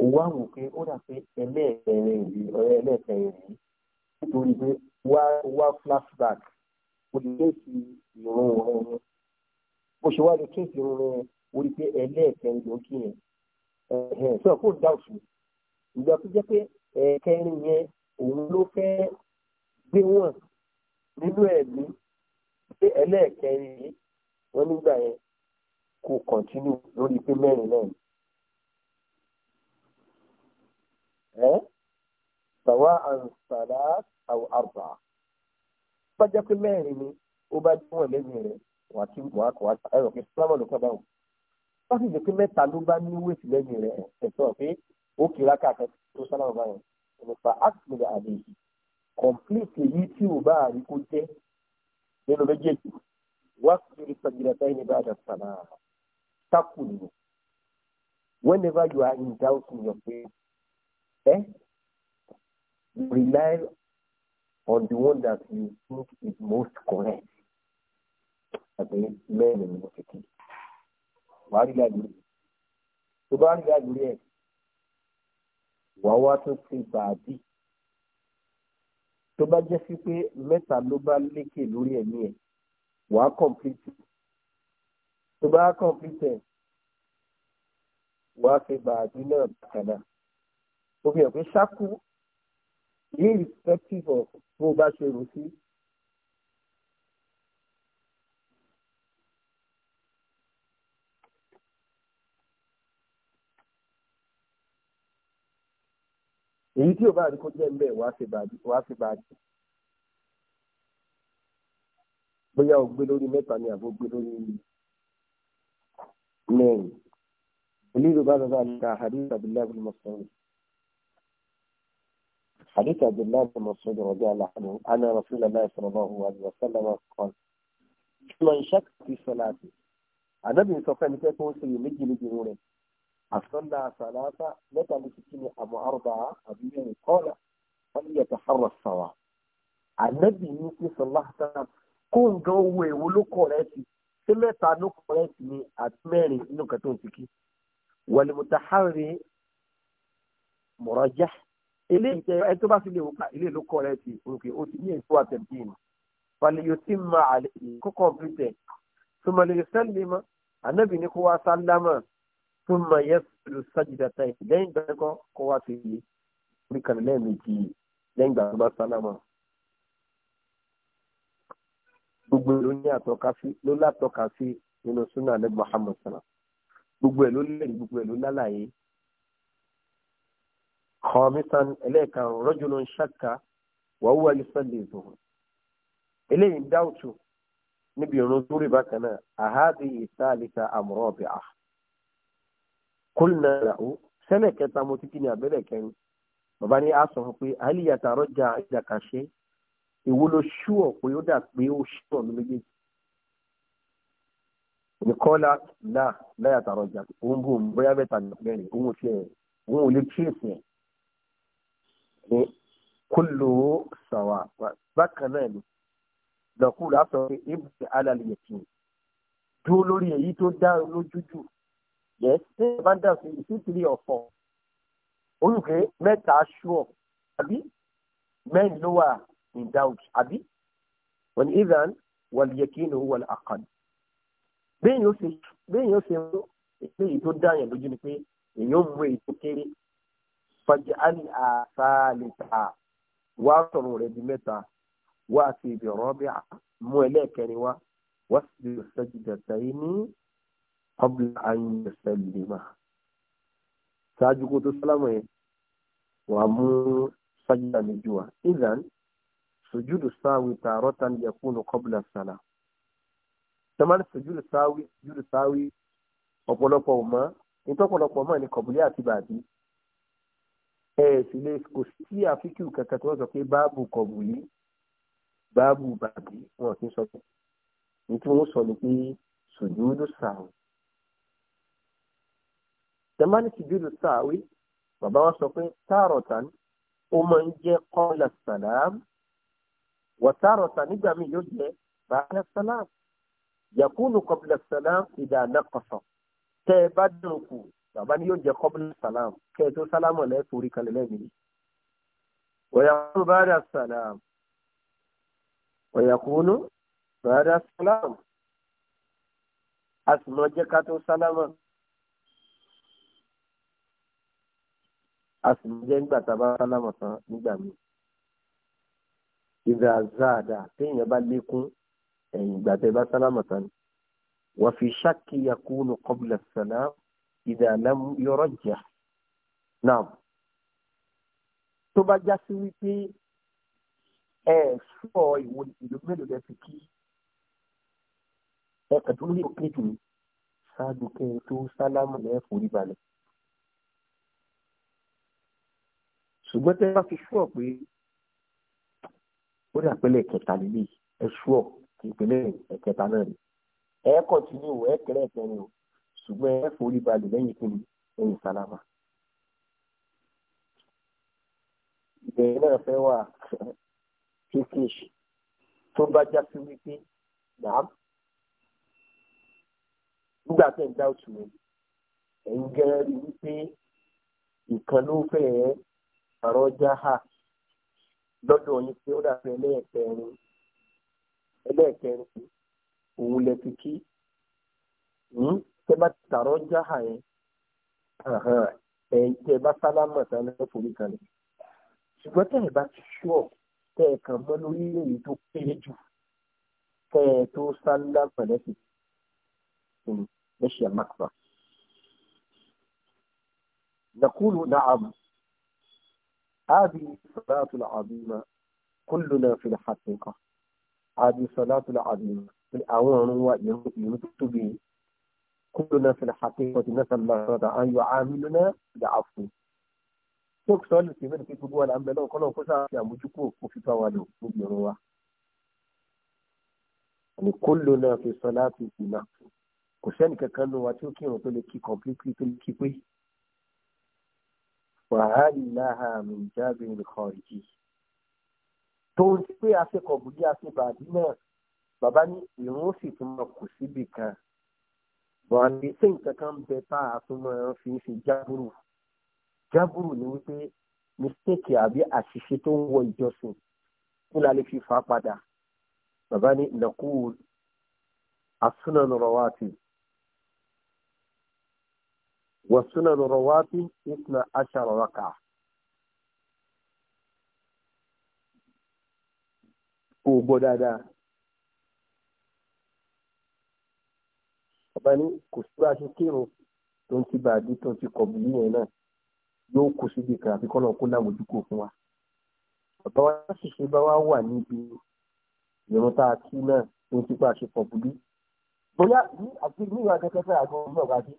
àwọn òfin ó dà pé ẹlẹ́ẹ̀kẹrin yìí ọ̀rẹ́ ẹlẹ́ẹ̀kẹrin yìí nítorí pé wá flashback o lè kéèsì ìrún rẹ̀ ni bó ṣe wá lè o rí pé ẹlẹ́ẹ̀kẹrin ló kí yẹn ẹ̀hẹ̀n sọ kó dá oṣù ìgbà tó jẹ́ pé ẹ̀ẹ̀kẹrin yẹn òun ló fẹ́ gbé wọn nínú pé nígbà kó kọ̀ntínú lórí pé mẹ́rin náà ẹ́ sàwa àǹsàlá àwọn àrùbá bá jẹ́ pé mẹ́rin ni ó bá jẹ́ wọn lẹ́yìn rẹ̀ wà á tún wà á kọ̀ wá ẹ̀rọ pé sọ́mọ́ ló kọ́ báwọn bá sì jẹ́ pé mẹ́ta ló bá ní wéètì lẹ́yìn rẹ̀ ẹ̀ sọ pé ó kìlá káàkiri tó sálámà báwọn nípa àtìlẹ àdéhì kọ̀m̀plíìtì èyí tí ò bá àrí kó jẹ́ nínú méjèèjì wá sí ìrìsàgìrì àtàyè ní bá Taku you. Whenever you are in doubt in your faith, eh? Rely on the one that you think is most correct. Àti mẹ́rin ni mo ti kí. Wàá rí láàyè rẹ̀. Tó bá rí láàyè rẹ̀, wàá wá tún ṣe bàbí. Tó bá jẹ́ sí pé mẹ́ta ló bá lékè lórí ẹ̀mí ẹ̀, wàá kọ̀m̀pìtì tó bá kọ̀m̀pútẹ̀ wàá fi bàájú náà kàdà ó fi hàn pé ṣáku irrespective of bó o bá ṣe rò sí. èyí tí o bá rí kó jẹ́ ńbẹ́ wàá fi bàájú. bóyá o gbé lórí mẹ́ta ni àbó gbé lórí yìí. مين يريد بعد ذلك حديث عبد الله بن مسعود حديث عبد الله بن مسعود رضي الله عنه أن رسول الله صلى الله عليه وسلم قال من شك في صلاته النبي سوف يكون سيمجي لجنونه أصلى صلاة متى لسكين أم أربعة أبيه قال فليتحرى الصواب النبي صلى الله عليه وسلم كون جوه ولو قرأتي ṣé mẹ́ta ló kọ̀rẹ́ẹ̀tì ni àti mẹ́rin nínú nǹkan tó ń ti kí wàlìmùtàhárì mọ̀rọ̀jà eléyìí tẹ ẹ tó bá fi lè wò ká eléyìí ló kọ̀rẹ́ẹ̀tì òkè ó ti ní èso àtẹ̀bíyìn fàlẹ́yò tí ń ma àlẹ́ yìí kó kọ̀ǹpútẹ̀ tùmọ̀lẹ́yò sẹ́lẹ̀mà ànábì ní kó wá sálámà tùmọ̀ yẹ fẹ́lú sájìdàtà lẹ́yìn gbàgbọ́ kó wá sí yìí orí lẹ́ẹ̀mejì lẹ́yìn gbàgbọ́ sálámà gbogbo ẹ̀ ló ní àtọ́ka sí ló látọ́ka sí nínú súnà ní Muhammad sallam gbogbo ẹ̀ ló lẹ́yìn gbogbo ẹ̀ ló lálàyé. kọ́mísán ẹlẹ́ẹ̀kan rajulun shakka wa huwa yusalli zuhur. eléyìí dáùtù níbi ìrun zúrì bákan náà àhádì ìsáàlìkà àmúrọ̀bì à. kúlnà làwù sẹ́lẹ̀ kẹta mo ti kí ni àbẹ́rẹ̀ kẹrin bàbá ní a fún pé àlìyàtà rọ́jà ìdàkàṣe èwo ló ṣúọ̀ pé ó dà pé ó ṣúọ̀ ní méjèèjì nìkọ́lá là láyà tààrọ̀ ọjà òun bò ń bóyá bẹ́ẹ̀ tàbí mẹ́rin òun ti ẹ̀ òun ò lè kíyèsí ẹ̀ ní kúlò sàwà bákan náà ni lọ́kùnrin á sọ pé ibùdó alàlẹ́ yẹn ti dúró lórí èyí tó dá lójú jù yẹ ṣé ẹ bá ń dà sí ìsítìrí ọ̀fọ̀ olùkẹ́ mẹ́ta ṣúọ̀ àbí mẹ́rin ló wà in doubt àbí wọn ni ivan wal yakin huwa al aqad bẹ́ẹ̀ yóò ṣe bẹ́ẹ̀ yóò ṣe mú eléyìí tó dáyàn lójú ni pé èèyàn mú èyí tó kéré fàjẹ́ àlì àṣàlìta wá sọ̀rọ̀ rẹ̀ di mẹ́ta wá àti ibi ọ̀rọ̀ bí mú ẹlẹ́ẹ̀kẹrin wá wá sí ibi sajidata yìí ní qabla an yusallima ṣáájú kó tó sálámù yẹn wàá mú sajidata méjì wá ìdán sùjúdù sáwì tààrọ́ tán yakunu qabla salam tẹ́mánì sùjúdù sáwì sùjúdù sáwì ọ̀pọ̀lọpọ̀ ọ̀mọ́ ìtọ́pọ̀lọpọ̀ ọmọ ní kọ̀bùlẹ́ àti bàbí ẹ̀ sì lè kò sí àfikù kankan tí wọ́n sọ pé báàbù kọ̀bùlí báàbù bàbí wọn kì í sọ pé ní tí sọ ni pé sùjúdù sáwì tẹ́mánì sùjúdù sáwì bàbá wa sọ pé tààrọ̀ ó máa ń jẹ́ kọ́ńlá sàlám wọ̀tárọ̀tà nígbà míì yóò jẹ́ bàálẹ̀ sálám yakunu kọbílẹ̀ sálám ìdá nàkọ̀sọ̀ tẹ́ ẹ bá dùn kù bàbá ni yóò jẹ́ kọbílẹ̀ sálám kẹ́ ẹ tó sálámọ̀ lẹ́ẹ̀kórí kalẹ̀ lẹ́ẹ̀mìí. ويقول بعد السلام ويقول بعد السلام أسمجكة سلاما أسمجك بتبا سلاما نجامي ìdá záàdà téèyàn bá lékún ẹ̀yìn ìgbà tẹ́ bá sálámà tán wà fi ṣáàkì yakunu qabla salam ìdá lam yurajjah náà tó bá já sí wípé ẹ sọ ìwò ìlú mélòó lẹ fi kí ẹ kàn ní òkè jù ṣáájú kẹ tó sálámù lẹ forí balẹ̀ ṣùgbọ́n tẹ́ bá fi ṣúọ̀ pé kódà pẹlẹ kẹta níbí ẹ ṣúọ kí ìpínlẹ̀ ẹ̀kẹta náà ni ẹ kọtínú ẹ kẹrẹ ẹkẹrin o ṣùgbọ́n ẹ forí balẹ̀ lẹ́yìn kí ni lẹ́yìn sálámà. ìbẹ̀rẹ̀ náà fẹ́ wà kéékèèṣì tó bá já sí wípé nàám nígbà tẹ̀ ń dá òtún rẹ̀ ẹ̀ gẹ́rẹ́ rí wípé ìkan ló fẹ́ẹ́ àrọ́jà hà lọ́dọ̀ yín pé ó dàbí ẹlẹ́ẹ̀kẹrin ẹlẹ́ẹ̀kẹrin òun lẹ hmm? ti kí tẹ bá tààrọ̀ jáhà yẹn ẹ̀yìn tẹ bá sálámà sálámà forí kan lẹ̀ ṣùgbọ́n tẹ̀ bá ti ṣọ́ tẹ̀ kàn mọ́ lórí èyí tó kéré jù tẹ̀ tó sálámà lẹ́sìn lẹ́sìn àmàkùnà. نقول نعم هذه الصلاة العظيمة كلنا في الحقيقة هذه الصلاة العظيمة من أعوان ويمتب كلنا في الحقيقة نسأل الله تعالى أن يعاملنا بعفو tókù sọ́ọ̀lù sí mẹ́rin pé gbogbo wa là ń bẹ lọ́wọ́ kọ́lọ́wọ́ kó sáà fi àmójúkú òkú fífa wa lò níbi ọ̀rọ̀ wa. ní kóló náà fi sọ láti ìgbìmọ̀ kò sẹ́nì kankan nù wa tí ó kírun tó lè kí kọ̀m̀pútì tó lè kí pé وهل لها من جابر خارجي tóun ti pé akẹ́kọ̀ọ́ bí akẹ́bàdí náà bàbá ní ìrún sì tún máa kù síbì kan wọn àti ṣé nǹkan kan bẹ tá a tún máa fi ṣe jábúrú jábúrú ni wípé mistake àbí àṣìṣe tó ń wọ ìjọsìn kí la lè fi fà á padà bàbá ní nàkúù asúnà nọrọ wá ti wọ̀súnà lọ́rọ̀ wá عشر ìtìnà aṣàrọ̀ raka. kò gbọ́ dáadáa. ọba ní kò sí bá a ṣe kírun tó ń ti bá a dé tó ń ti kọ̀ bùlí yẹn náà yóò kó síbi kan àfi kọ́nà kó lámójú fún wa. ọ̀tọ̀ wa ṣiṣẹ́ bá wa wà níbi ìrún tá a kí náà tó ń ti bá a ṣe kọ̀ bùlí. bóyá ní àti ní ìwà àgọ́ ọ̀gbọ́n ọ̀gá dé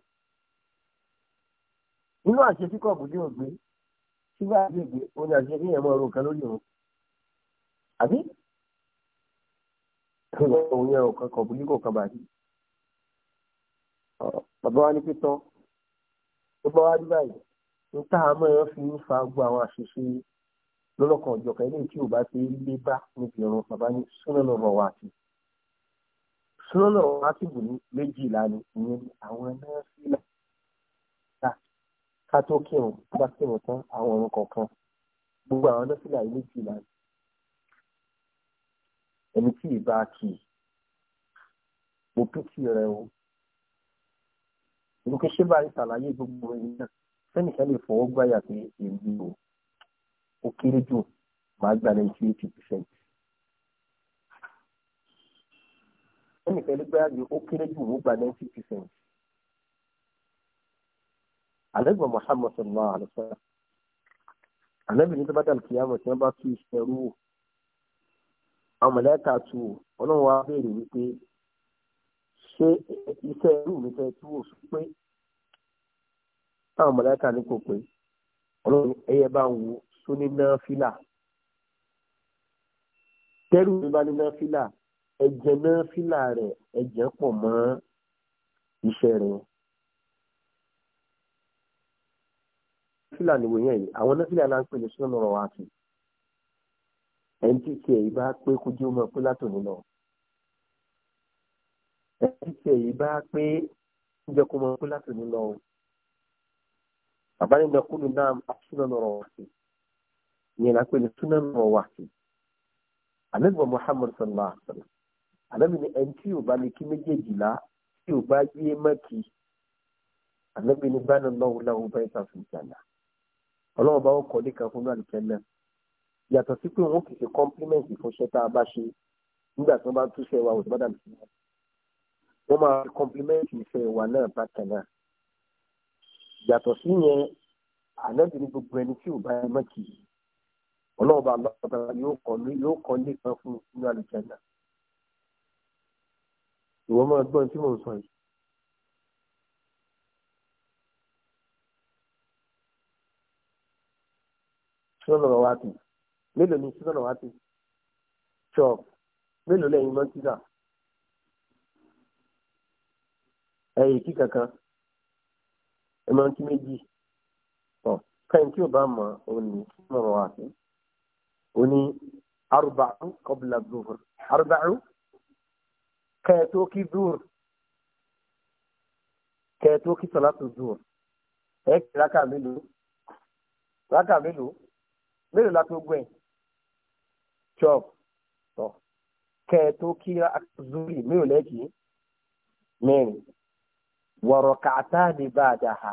nínú àṣẹ tí kọ̀ọ̀bù dé ògbé tí bá dé ògbé ó ní àṣẹ kéèyàn máa ro nǹkan lórí òun àbí òun yẹn ò kan kọ̀ọ̀bù díkò kan bàjẹ́ bàbá wa ní pípọ́ ó bá wá rí báyìí ní tá a máa fi ń fa gbogbo àwọn àṣìṣe lọ́lọ́kan ọ̀jọ̀kan eléyìí tí ò bá ti lé bá níbi ọ̀run bàbá ní súnà lọ́rọ̀ wá sí súnà lọ́rọ̀ wá sí bù ní méjìlá ni ìyẹn àwọn náà sì ká tó kírun bá kírun tán àwọn ọ̀run kọ̀ọ̀kan gbogbo àwọn nọ́fìlà yìí méjìlá ẹni tí ìbá kì í mo pìtì rẹ o ìlú kéṣe bá rí ṣàlàyé gbogbo ẹni náà sẹ́nìkan lè fọwọ́ gbáyà pé èmi o ó kéré jù màá gba ninety eight percent sẹ́nìkan lè gbáyà pé ó kéré jù màá gba ninety percent àlẹ́gbọ̀n Muhammad sallallahu alaihi wa sallam àlẹ́bí ní tọ́bátà kìyàmọ̀ tí wọ́n bá tú ìṣẹ́rú wò àwọn mọ̀lẹ́ka tu wò ọlọ́run wa béèrè wípé ṣé iṣẹ́ irú mi fẹ́ tú wò fún pé táwọn mọ̀lẹ́ka ní kò pé ọlọ́run ẹyẹ bá ń wo sóní náà fílà tẹ́rù mi bá ní náà fílà ẹ̀jẹ̀ náà fílà rẹ̀ ẹ̀jẹ̀ pọ̀ mọ́ iṣẹ́ rẹ̀ nọ́fìlà nìwò yẹn yìí àwọn nọ́fìlà náà ń pè ní súnmọ́ ọ̀rọ̀ wa kì ẹni tí tiẹ̀ yìí bá pé kó jẹ́ ọmọ pé látòun lọ ẹni tiẹ̀ yìí bá pé kó jẹ́ kó mọ látòun lọ bàbá nínú ọkùnrin náà súnmọ́ ọ̀rọ̀ wa kì yẹn la pè ní súnmọ́ ọ̀rọ̀ wa kì àlẹ́bùbọ̀ Muhammad sallallahu alayhi wa sallam àlẹ́bù ni ẹni tí yóò bá lè kí méjèèjìlá tí yóò bá yé mọ́kì àlẹ́bù ni bá nà lọ́wọ́ lọ́wọ́ bá yẹ ọlọ́run bá ọkọ̀ ní kan fún náà nìkan náà yàtọ̀ sí pé wọn kì í ṣe compliment fún iṣẹ́ tá a bá ṣe nígbà tí wọ́n bá túṣẹ́ wa ò sí bá dàbí sí wọn máa fi compliment iṣẹ́ wa náà bákan náà yàtọ̀ sí yẹn ànábì ní gbogbo ẹni tí ò bá ẹ mọ́ kì í ọlọ́run bá lọ́ọ̀bá yóò kọ́ ní kan fún náà nìkan náà máa gbọ́n tí mò ń sọ yìí. sọ́nà wa ti mélòó ni sọ́nà wa ti chop mélòó lẹ́yìn mọ́ kíkà ẹ̀yìn kíkà kan ẹ̀ máa ń kí méjì ọ̀ kẹ́yìn tí ò bá mọ̀ òun ni sọ́nà wa ti òun ni arúbàrú kọ́bùlà zuhur arúbàrú kẹ́ẹ̀tó kí zuhur kẹ́ẹ̀tó kí sọ̀lá tó zuhur ẹ̀ kí rákà mélòó rákà mélòó mélòó la tó gbẹ̀ twelve tọ kẹ tó kí zuri mélòó lẹ́kì mẹ́rin wọ̀rọ̀ kàtá ni bá a dà ha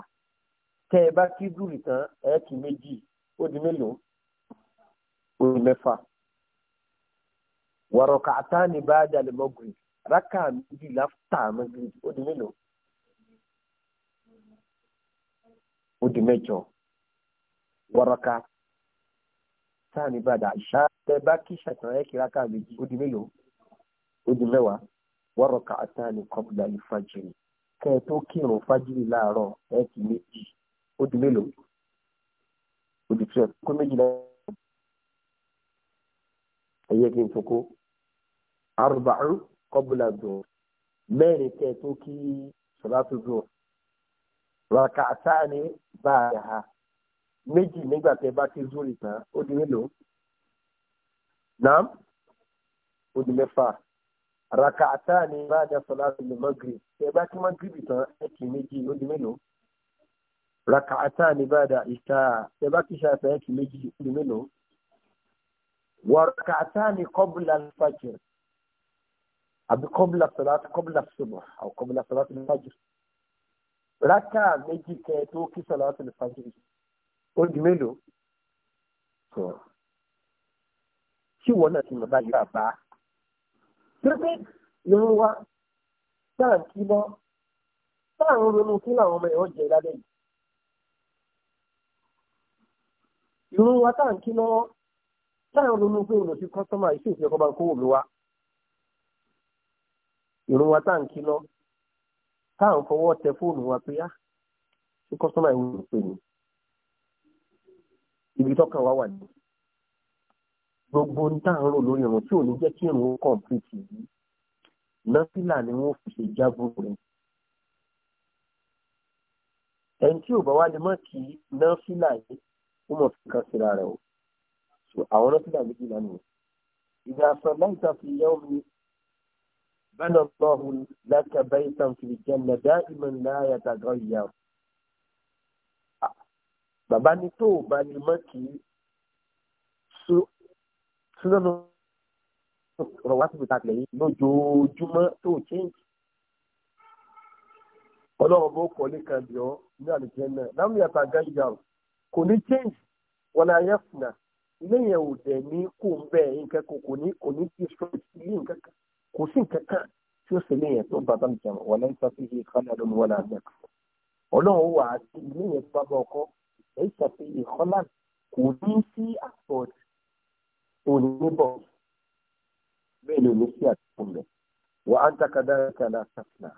tẹ ẹ bá kí zuri tán ẹ kì méjì ó di mélòó ó di mẹ́fà wọ̀rọ̀ kàtá ni bá a dà lè mọ́ gùn rákà méjì láfta mẹ́gìrì ó di mélòó ó di mẹ́jọ wọ̀rọ̀ kàtá sáà ní bàdà ṣá tẹ bá kí ṣàtàn ẹ kíra ká méjì ó di mélòó ó di mẹ́wàá wọ́rọ̀ ká àtàní kọ́bùlà ìfàjìrì kẹ́ ẹ tó kírun fájìrì láàárọ̀ ẹ kì méjì ó di mélòó ó di twelve kó méjì náà ẹ yẹ kí n foko arúbàrú kọ́bùlà dùn mẹ́rin kẹ́ ẹ tó kí sọ̀rọ̀ àtúntò rọ̀ ká àtàní bàdà ha méjì nígbà tẹ bá ti zúrì tán ó di mélòó naam ó di mẹ́fà raka àtàní bá dá sọláàtì lè magrib tẹ bá ti magrib tán ẹ kì í méjì ó di mélòó raka àtàní bá dá ìṣá tẹ bá ti ṣàtàn ẹ kì í méjì ó di mélòó wà raka àtàní qabla al-fajr àbí qabla sọláàtì qabla subh àwọn qabla sọláàtì al-fajr raka méjì kẹ tó kí sọláàtì al-fajr yìí ó mélòó sọ tí wọn náà ti mọ bá yóò bá pépé irun wa táà ń kí lọ táà ń ronú kí làwọn ọmọ ẹ̀ ọ́ jẹ yìí irun wa táà ń kí lọ́wọ́ táà ń ronú pé olùsí kọ́sọ́mà ìṣe ìṣẹ́kọ́ bá ń kówó mi wá irun wa táà ń kí lọ táà ń fọwọ́ tẹ fóònù wa pé á sí kọ́sọ́mà ìwé ìpè ni ibi tọ́kàn wá wà ní. gbogbo ní tá à ń rò lórí irun tí ò ní jẹ́ kí irun kọ̀ǹpìtì yìí nọ́fìlà ni wọ́n fi ṣe jábùrù rẹ̀. ẹni tí ò bá wá lè mọ̀ kí nọ́fìlà yìí ó mọ̀ fi kan síra rẹ̀ o. àwọn nọ́fìlà méjì lánàá ìgbà àṣọ láìka fi yẹ omi bẹ́ẹ̀ lọ́ọ́ lọ́hùn lákàbẹ́yìí jẹ́ mẹ́ta ìmọ̀ náà yàtọ̀ àgọ́ ìyá o bàbá ní tó o bá lè mọ kí súnánù ọ̀rọ̀ wá síbi tàbí lẹ́yìn lójoojúmọ́ tó o change ọlọ́run bó kọ́ ní kan bíọ́ ní àlùjẹ náà láwọn yàtọ̀ àga ìyá kò ní change wọlé ayé fúnà ilé yẹn ò dẹ̀ ní kò ń bẹ̀ nǹkan kan kò ní kò ní destroy ilé nǹkan kan kò sí nǹkan kan tí ó sì lé yẹn tó bàbá mi jẹun wọlé ìtọ́sí yìí kálá lómi wọlé àgbẹ̀ ọlọ́run wà á sí ilé yẹn tó bá bọ̀ ọkọ́ ليس فيه خلل وليسي أفوت ونبو بين النسيات كله وأنت كذلك لا تفنى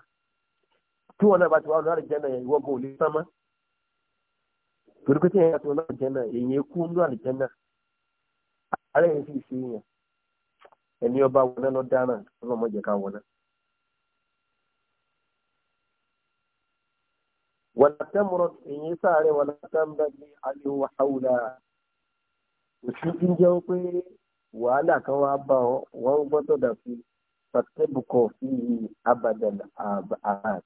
تو أنا بتوع نار الجنة يوم بولي سما turkutin ya tona aljanna in yi kunu aljanna ala yin fi fi yin ẹni ọba wọn lọ dáná ọlọmọ ká wọn náà wala tamrud èyí sáré wala tambaghi alayhi hawla òṣù tí ń jẹ́ pé wàhálà kan wá bá ọ wọ́n ń gbọ́dọ̀ dàbí pàtẹ́bùkọ̀ fi abadan abad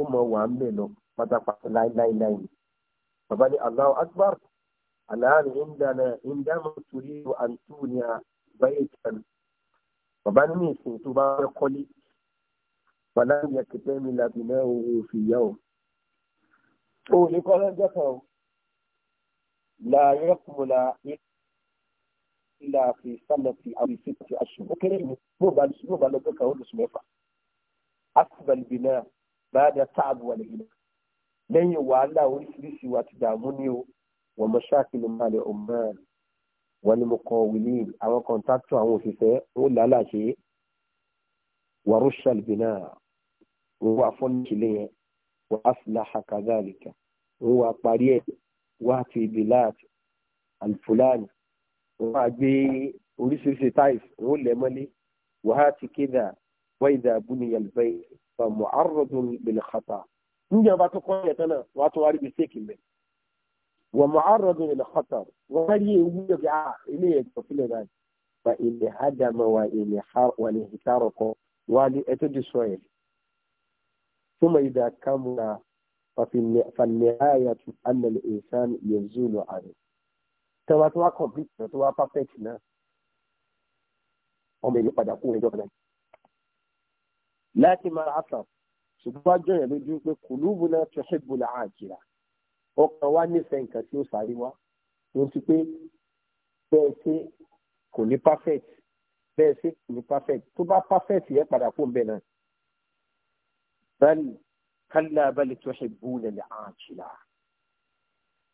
ó mọ wàá mẹ́ lọ pátápátá láíláíláí bàbá ní Allahu akbar àlàáre ìndàna ìndàmú torí àǹtúnyà báyìí kan bàbá ní ìsìn tó bá fẹ́ kọ́lé bàlá ìyàkẹ́tẹ́ mi làbìnrin òun ò fi yá o o ní kọ́ lọ́jọ́ kan o la yẹ́kùnmọ́lá ilà fi sálọ̀tì àwọn ìsìnkú aṣọ ó kéré ní bó bá lọ́jọ́ kan ó lóṣù mẹ́fà asibali bi náà báyà dá táàbù wà lẹ́yìn lẹ́yìn wàhálà oríṣiríṣi wà ti dààmú ní o wọ́n mọ ṣáàkìlì máa lè ọmọ wọn ni mo kọ wìlì àwọn kọ̀ǹtàkítọ̀ àwọn òṣìṣẹ́ wọn làálàá ṣe wàrúṣàlì bi wọn wà fọ́nìṣìlẹ̀ yẹn wa aslaha kadhalika ó wá parí ẹ̀ wá ti bilad alfulani ó wá gbé oríṣiríṣi táìs ó lẹ̀ mọ́lé wa hati kidha wa idha buniya al-bayt fa mu'arradun bil khata níjẹ́ bá tó kọ́ ẹ̀ tán náà wàá tó wá rí mistake mẹ́ wa mu'arradun lil khatar wọ́n rí ewu yẹ kí ah ilé yẹ kí ọ̀fílẹ̀ náà fa ilẹ̀ hadama wa ilẹ̀ ha wa ilẹ̀ hitarọ̀kọ wa ni ẹ̀ tó destroy it. ثم إذا كمل فالنهاية أن الإنسان يزول عنه tẹwa tó wá complete náà tó wá perfect náà ọmọ èmi padà kú ẹjọ́ náà láti máa àtà ṣùgbọ́n wá jọyàn lójú pé kùlùbù náà tó ṣẹ́gun là á jìrà ọkàn wa nífẹ̀ẹ́ nǹkan tí ó sáré wá ló ti pé bẹ́ẹ̀ ṣe kò ní perfect bẹ́ẹ̀ ṣe kò ní perfect tó bá perfect yẹn padà kú ń bẹ̀ náà. بل كلا بل تحبون العاجلة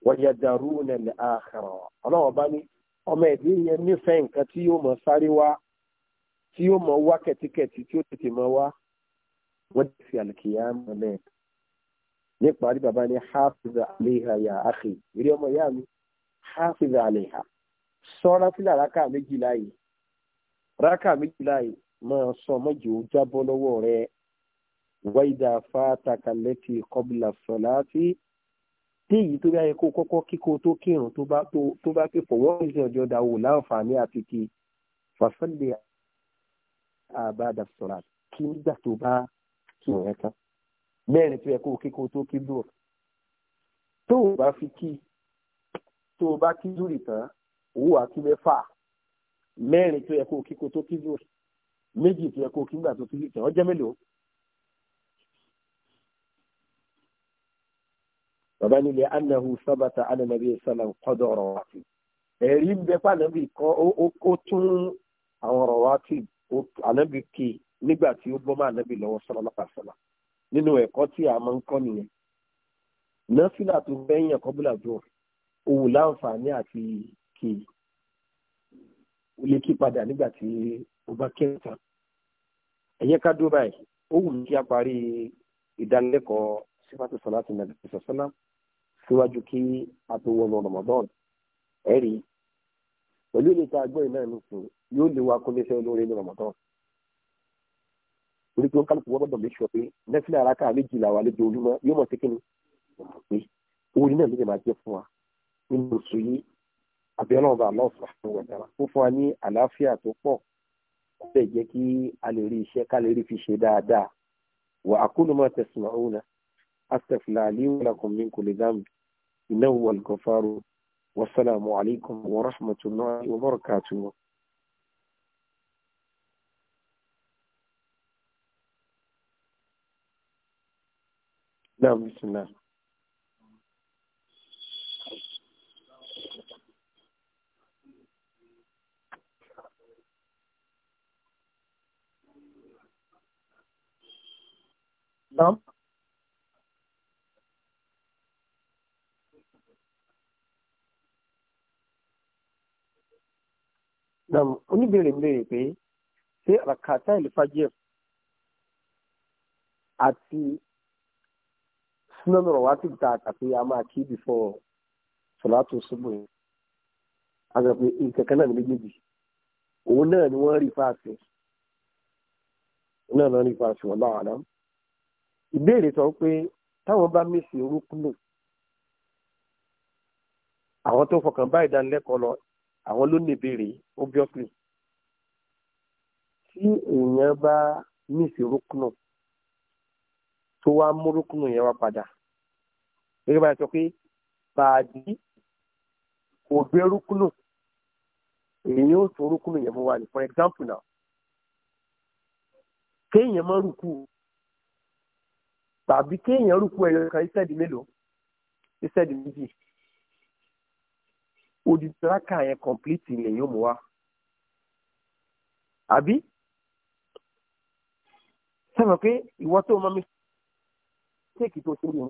ويدرون الآخرة الله باني ọmọ ẹbí yẹn nífẹ̀ẹ́ nǹkan tí yóò mọ sáré wá tí yóò mọ wá kẹtíkẹtì tí ó tètè mọ wá wọ́n ti fi àlùkìyà mọ́lẹ̀ nípa rí bàbá ní hafiza aleha ya akhi eré ọmọ ìyá mi hafiza aleha sọ́ra fílà rákà méjìlá yìí rákà méjìlá yìí máa sọ mọ́jì ó jábọ́ lọ́wọ́ rẹ̀ wáyidà fàtàkàlẹ́tì kọ́bìlà sọ̀láàtì tí èyí tó bá yẹ kó kọ́kọ́ kíkó tó kírun tó bá pè fọwọ́ ìṣe ọjọ́ dáwò láǹfààní àti kí fàṣẹ́lẹ̀ àbádà sọ̀láàtì kí nígbà tó bá kí yẹn tán mẹ́rin tó yẹ kó kíkó tó kí dùn tó o bá fi kí tó o bá kí dùn ìtàn owó àti mẹ́fà mẹ́rin tó yẹ kó kíkó tó kí dùn méjì tó yẹ kó kí nígbà tó kí dùn ìtàn ọjọ́ mélòó. bàbá ni lè anahu sábàtà anamabi sálà kọ́dọ̀ ọ̀rọ̀ wá sí ẹ̀rí ń bẹ fún anabi kan ó tún àwọn ọ̀rọ̀ wá sí anabi kì í nígbà tí ó bọ́ mọ́ anabi lọ́wọ́ sọlọ́lọ́pàá sọlá nínú ẹ̀kọ́ tí a máa ń kọ́ nìyẹn nọ́fìlà tó fẹ́yìn ẹ̀kọ́bùlà jọ òun láǹfààní àti kì í lè kí padà nígbà tí ó bá kẹta ẹ̀yẹ ká báyìí ó wù mí kí a parí ìdánilẹ́kọ̀ọ́ sífàtì sọlá tó nàbẹ̀sọ̀sọ́lá síwájú kí a tó wọnú Ramadan ẹ̀rí pẹ̀lú ìlẹta agbọ́n iná nìkan yóò lè wá kó léṣẹ́ olóore ní Ramadan torí pé ó kálukú wọ́n gbọ́dọ̀ méṣọ pé nẹ́fílà araka méjìlá wa lójoojúmọ́ yóò mọ̀ sí kíni pé orí náà méjì máa jẹ́ fún wa nínú oṣù yìí àbí ọlọ́run bá lọ́ọ̀ fún àwọn ọ̀daràn ó fún wa ní àlàáfíà tó pọ̀ ó lè kí a lè rí iṣẹ́ ká lè rí fi ṣe dáadáa wà á kúlù máa tẹ̀sán òun náà á tẹ̀fìlà àlíwò lakum min kulli dhanb إنه هو الكفار والسلام عليكم ورحمة الله وبركاته نعم بسم الله نعم nam oníbèrè mi léèrè pé ṣé àràkàtà ìlúfàjẹ àti sinanọrọ wa ti ta àkàtà yà máa kí bìfọ sọláàtò ṣubú yẹn àgbàpẹ nǹkan kan náà ní méjèèjì òun náà ni wọn rí fáàsì òun náà lọ rí fáàsì wọn náà àná ìbéèrè sọ pé táwọn àwọn tó fọkàn bá ìdánilẹ́kọ̀ọ́ lọ àwọn ló ní ìbéèrè obviously tí èèyàn bá mísì rúkùnù tó wá mú rúkùnù yẹn wá padà gẹ́gẹ́ bá a sọ pé bàdí kò gbé rúkùnù èèyàn ò tún rúkùnù yẹn fún wa ní for example now kéèyàn má rúkù tàbí kéèyàn rúkù ẹ̀yọ̀ kan ìṣẹ́ẹ̀dì mélòó ìṣẹ́ẹ̀dì méjì odi tíráka yẹn kọ̀m̀plìtì lè yóò mú wa àbí sábà pé ìwọ tó máa mi téèkì tó ṣe ní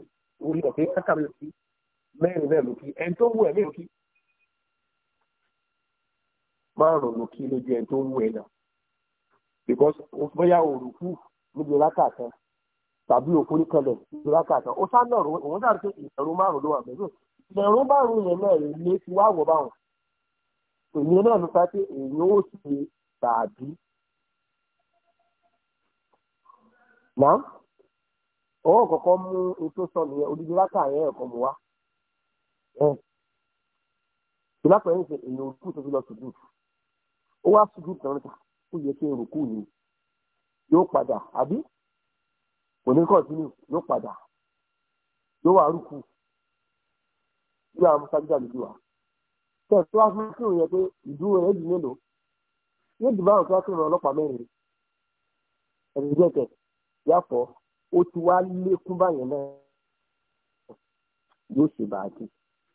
orí ọ̀pẹ káka mi lòkì mẹ́rin bẹ́ẹ̀ lòkì ẹni tó wù ẹ́ mi lòkì márùn-ún lòkì ló jẹ́ ẹni tó wù ẹ́ náà because bóyá òrùkú níbi rákà kan tàbí òfin kan lẹ̀ níbi rákà kan ó sá náà òun dàbí pé ìṣòro márùn-ún ló wà bẹ́ẹ̀ lẹ́rú bárùn yẹn náà lè fi wá wọ̀ báwọn èmi náà ló sá pé èmi ó ṣe tàbí. Náà ọwọ́ kọ̀ọ̀kan mú ètò sọnù yẹn odidi lákà yẹn ẹ̀kọ́ mu wá. Ìlápẹ̀ yìí ṣe èèyàn òkú tó fi lọ sùdù. Ó wá sùdù tán níta ó yẹ kí èrò kù ni yóò padà àbí kò ní kọ̀ọ̀tínú yóò padà yóò wá rúkú tí àwọn mọ́sáájú àlejò wa tẹ̀ tó wá fún kírun yẹn pé ìdúró rẹ̀ di mélòó yóò dì báwọn tó wá kírun ọlọ́pàá mẹ́rin ẹ̀rìn jẹ́kẹ̀ yàtọ̀ ó ti wá lékún báyẹn náà yóò ṣe bàájì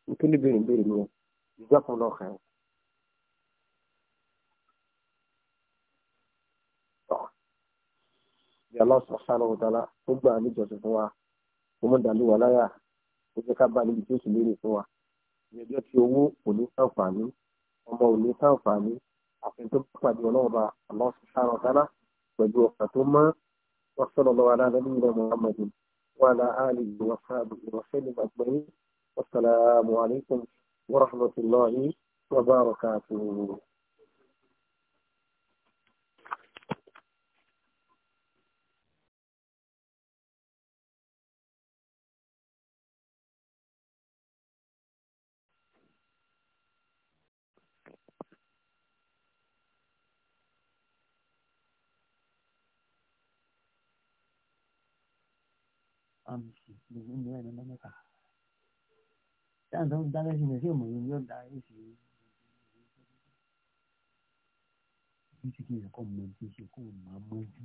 nítorí béèrè béèrè ni ìjọkùn náà kàn án. bí Allah subhanahu wa ta'ala ó gbà níjọsìn fún wa ó mú dàlú wa láyà ó jẹ́ ká bá níbi tí ó sì lérè fún wa ìyẹjọ́ ti owó kò ní sàǹfààní ọmọ ò ní sàǹfààní àfihàn tó pàdé ọlọ́ọ̀bà Allah subhanahu wa ta'ala pẹ̀lú ọ̀kà tó mọ́ sallallahu ala nabiyyina Muhammadin wa ala alihi wa sahbihi wa sallam ajma'in wassalamu alaikum wa rahmatullahi wa barakatuh lòun mìíràn ní ọdún mẹ́ta táwọn tó ń dá lẹ́sìn rẹ̀ sí òmò yìí yóò dá èsì bí ti kí ẹ̀kọ́ mọ ti ṣe kó má mọ́jú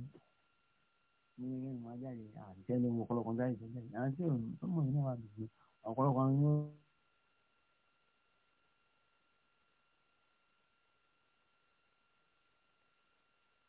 ní ẹgbẹ́ ìmọ̀ ajáde àti tẹ́lẹ̀ ọ̀pọ̀lọpọ̀ dáìsẹ́ lẹ́yìn àti ọ̀pọ̀lọpọ̀ ní wà lùgbé ọ̀pọ̀lọpọ̀ ní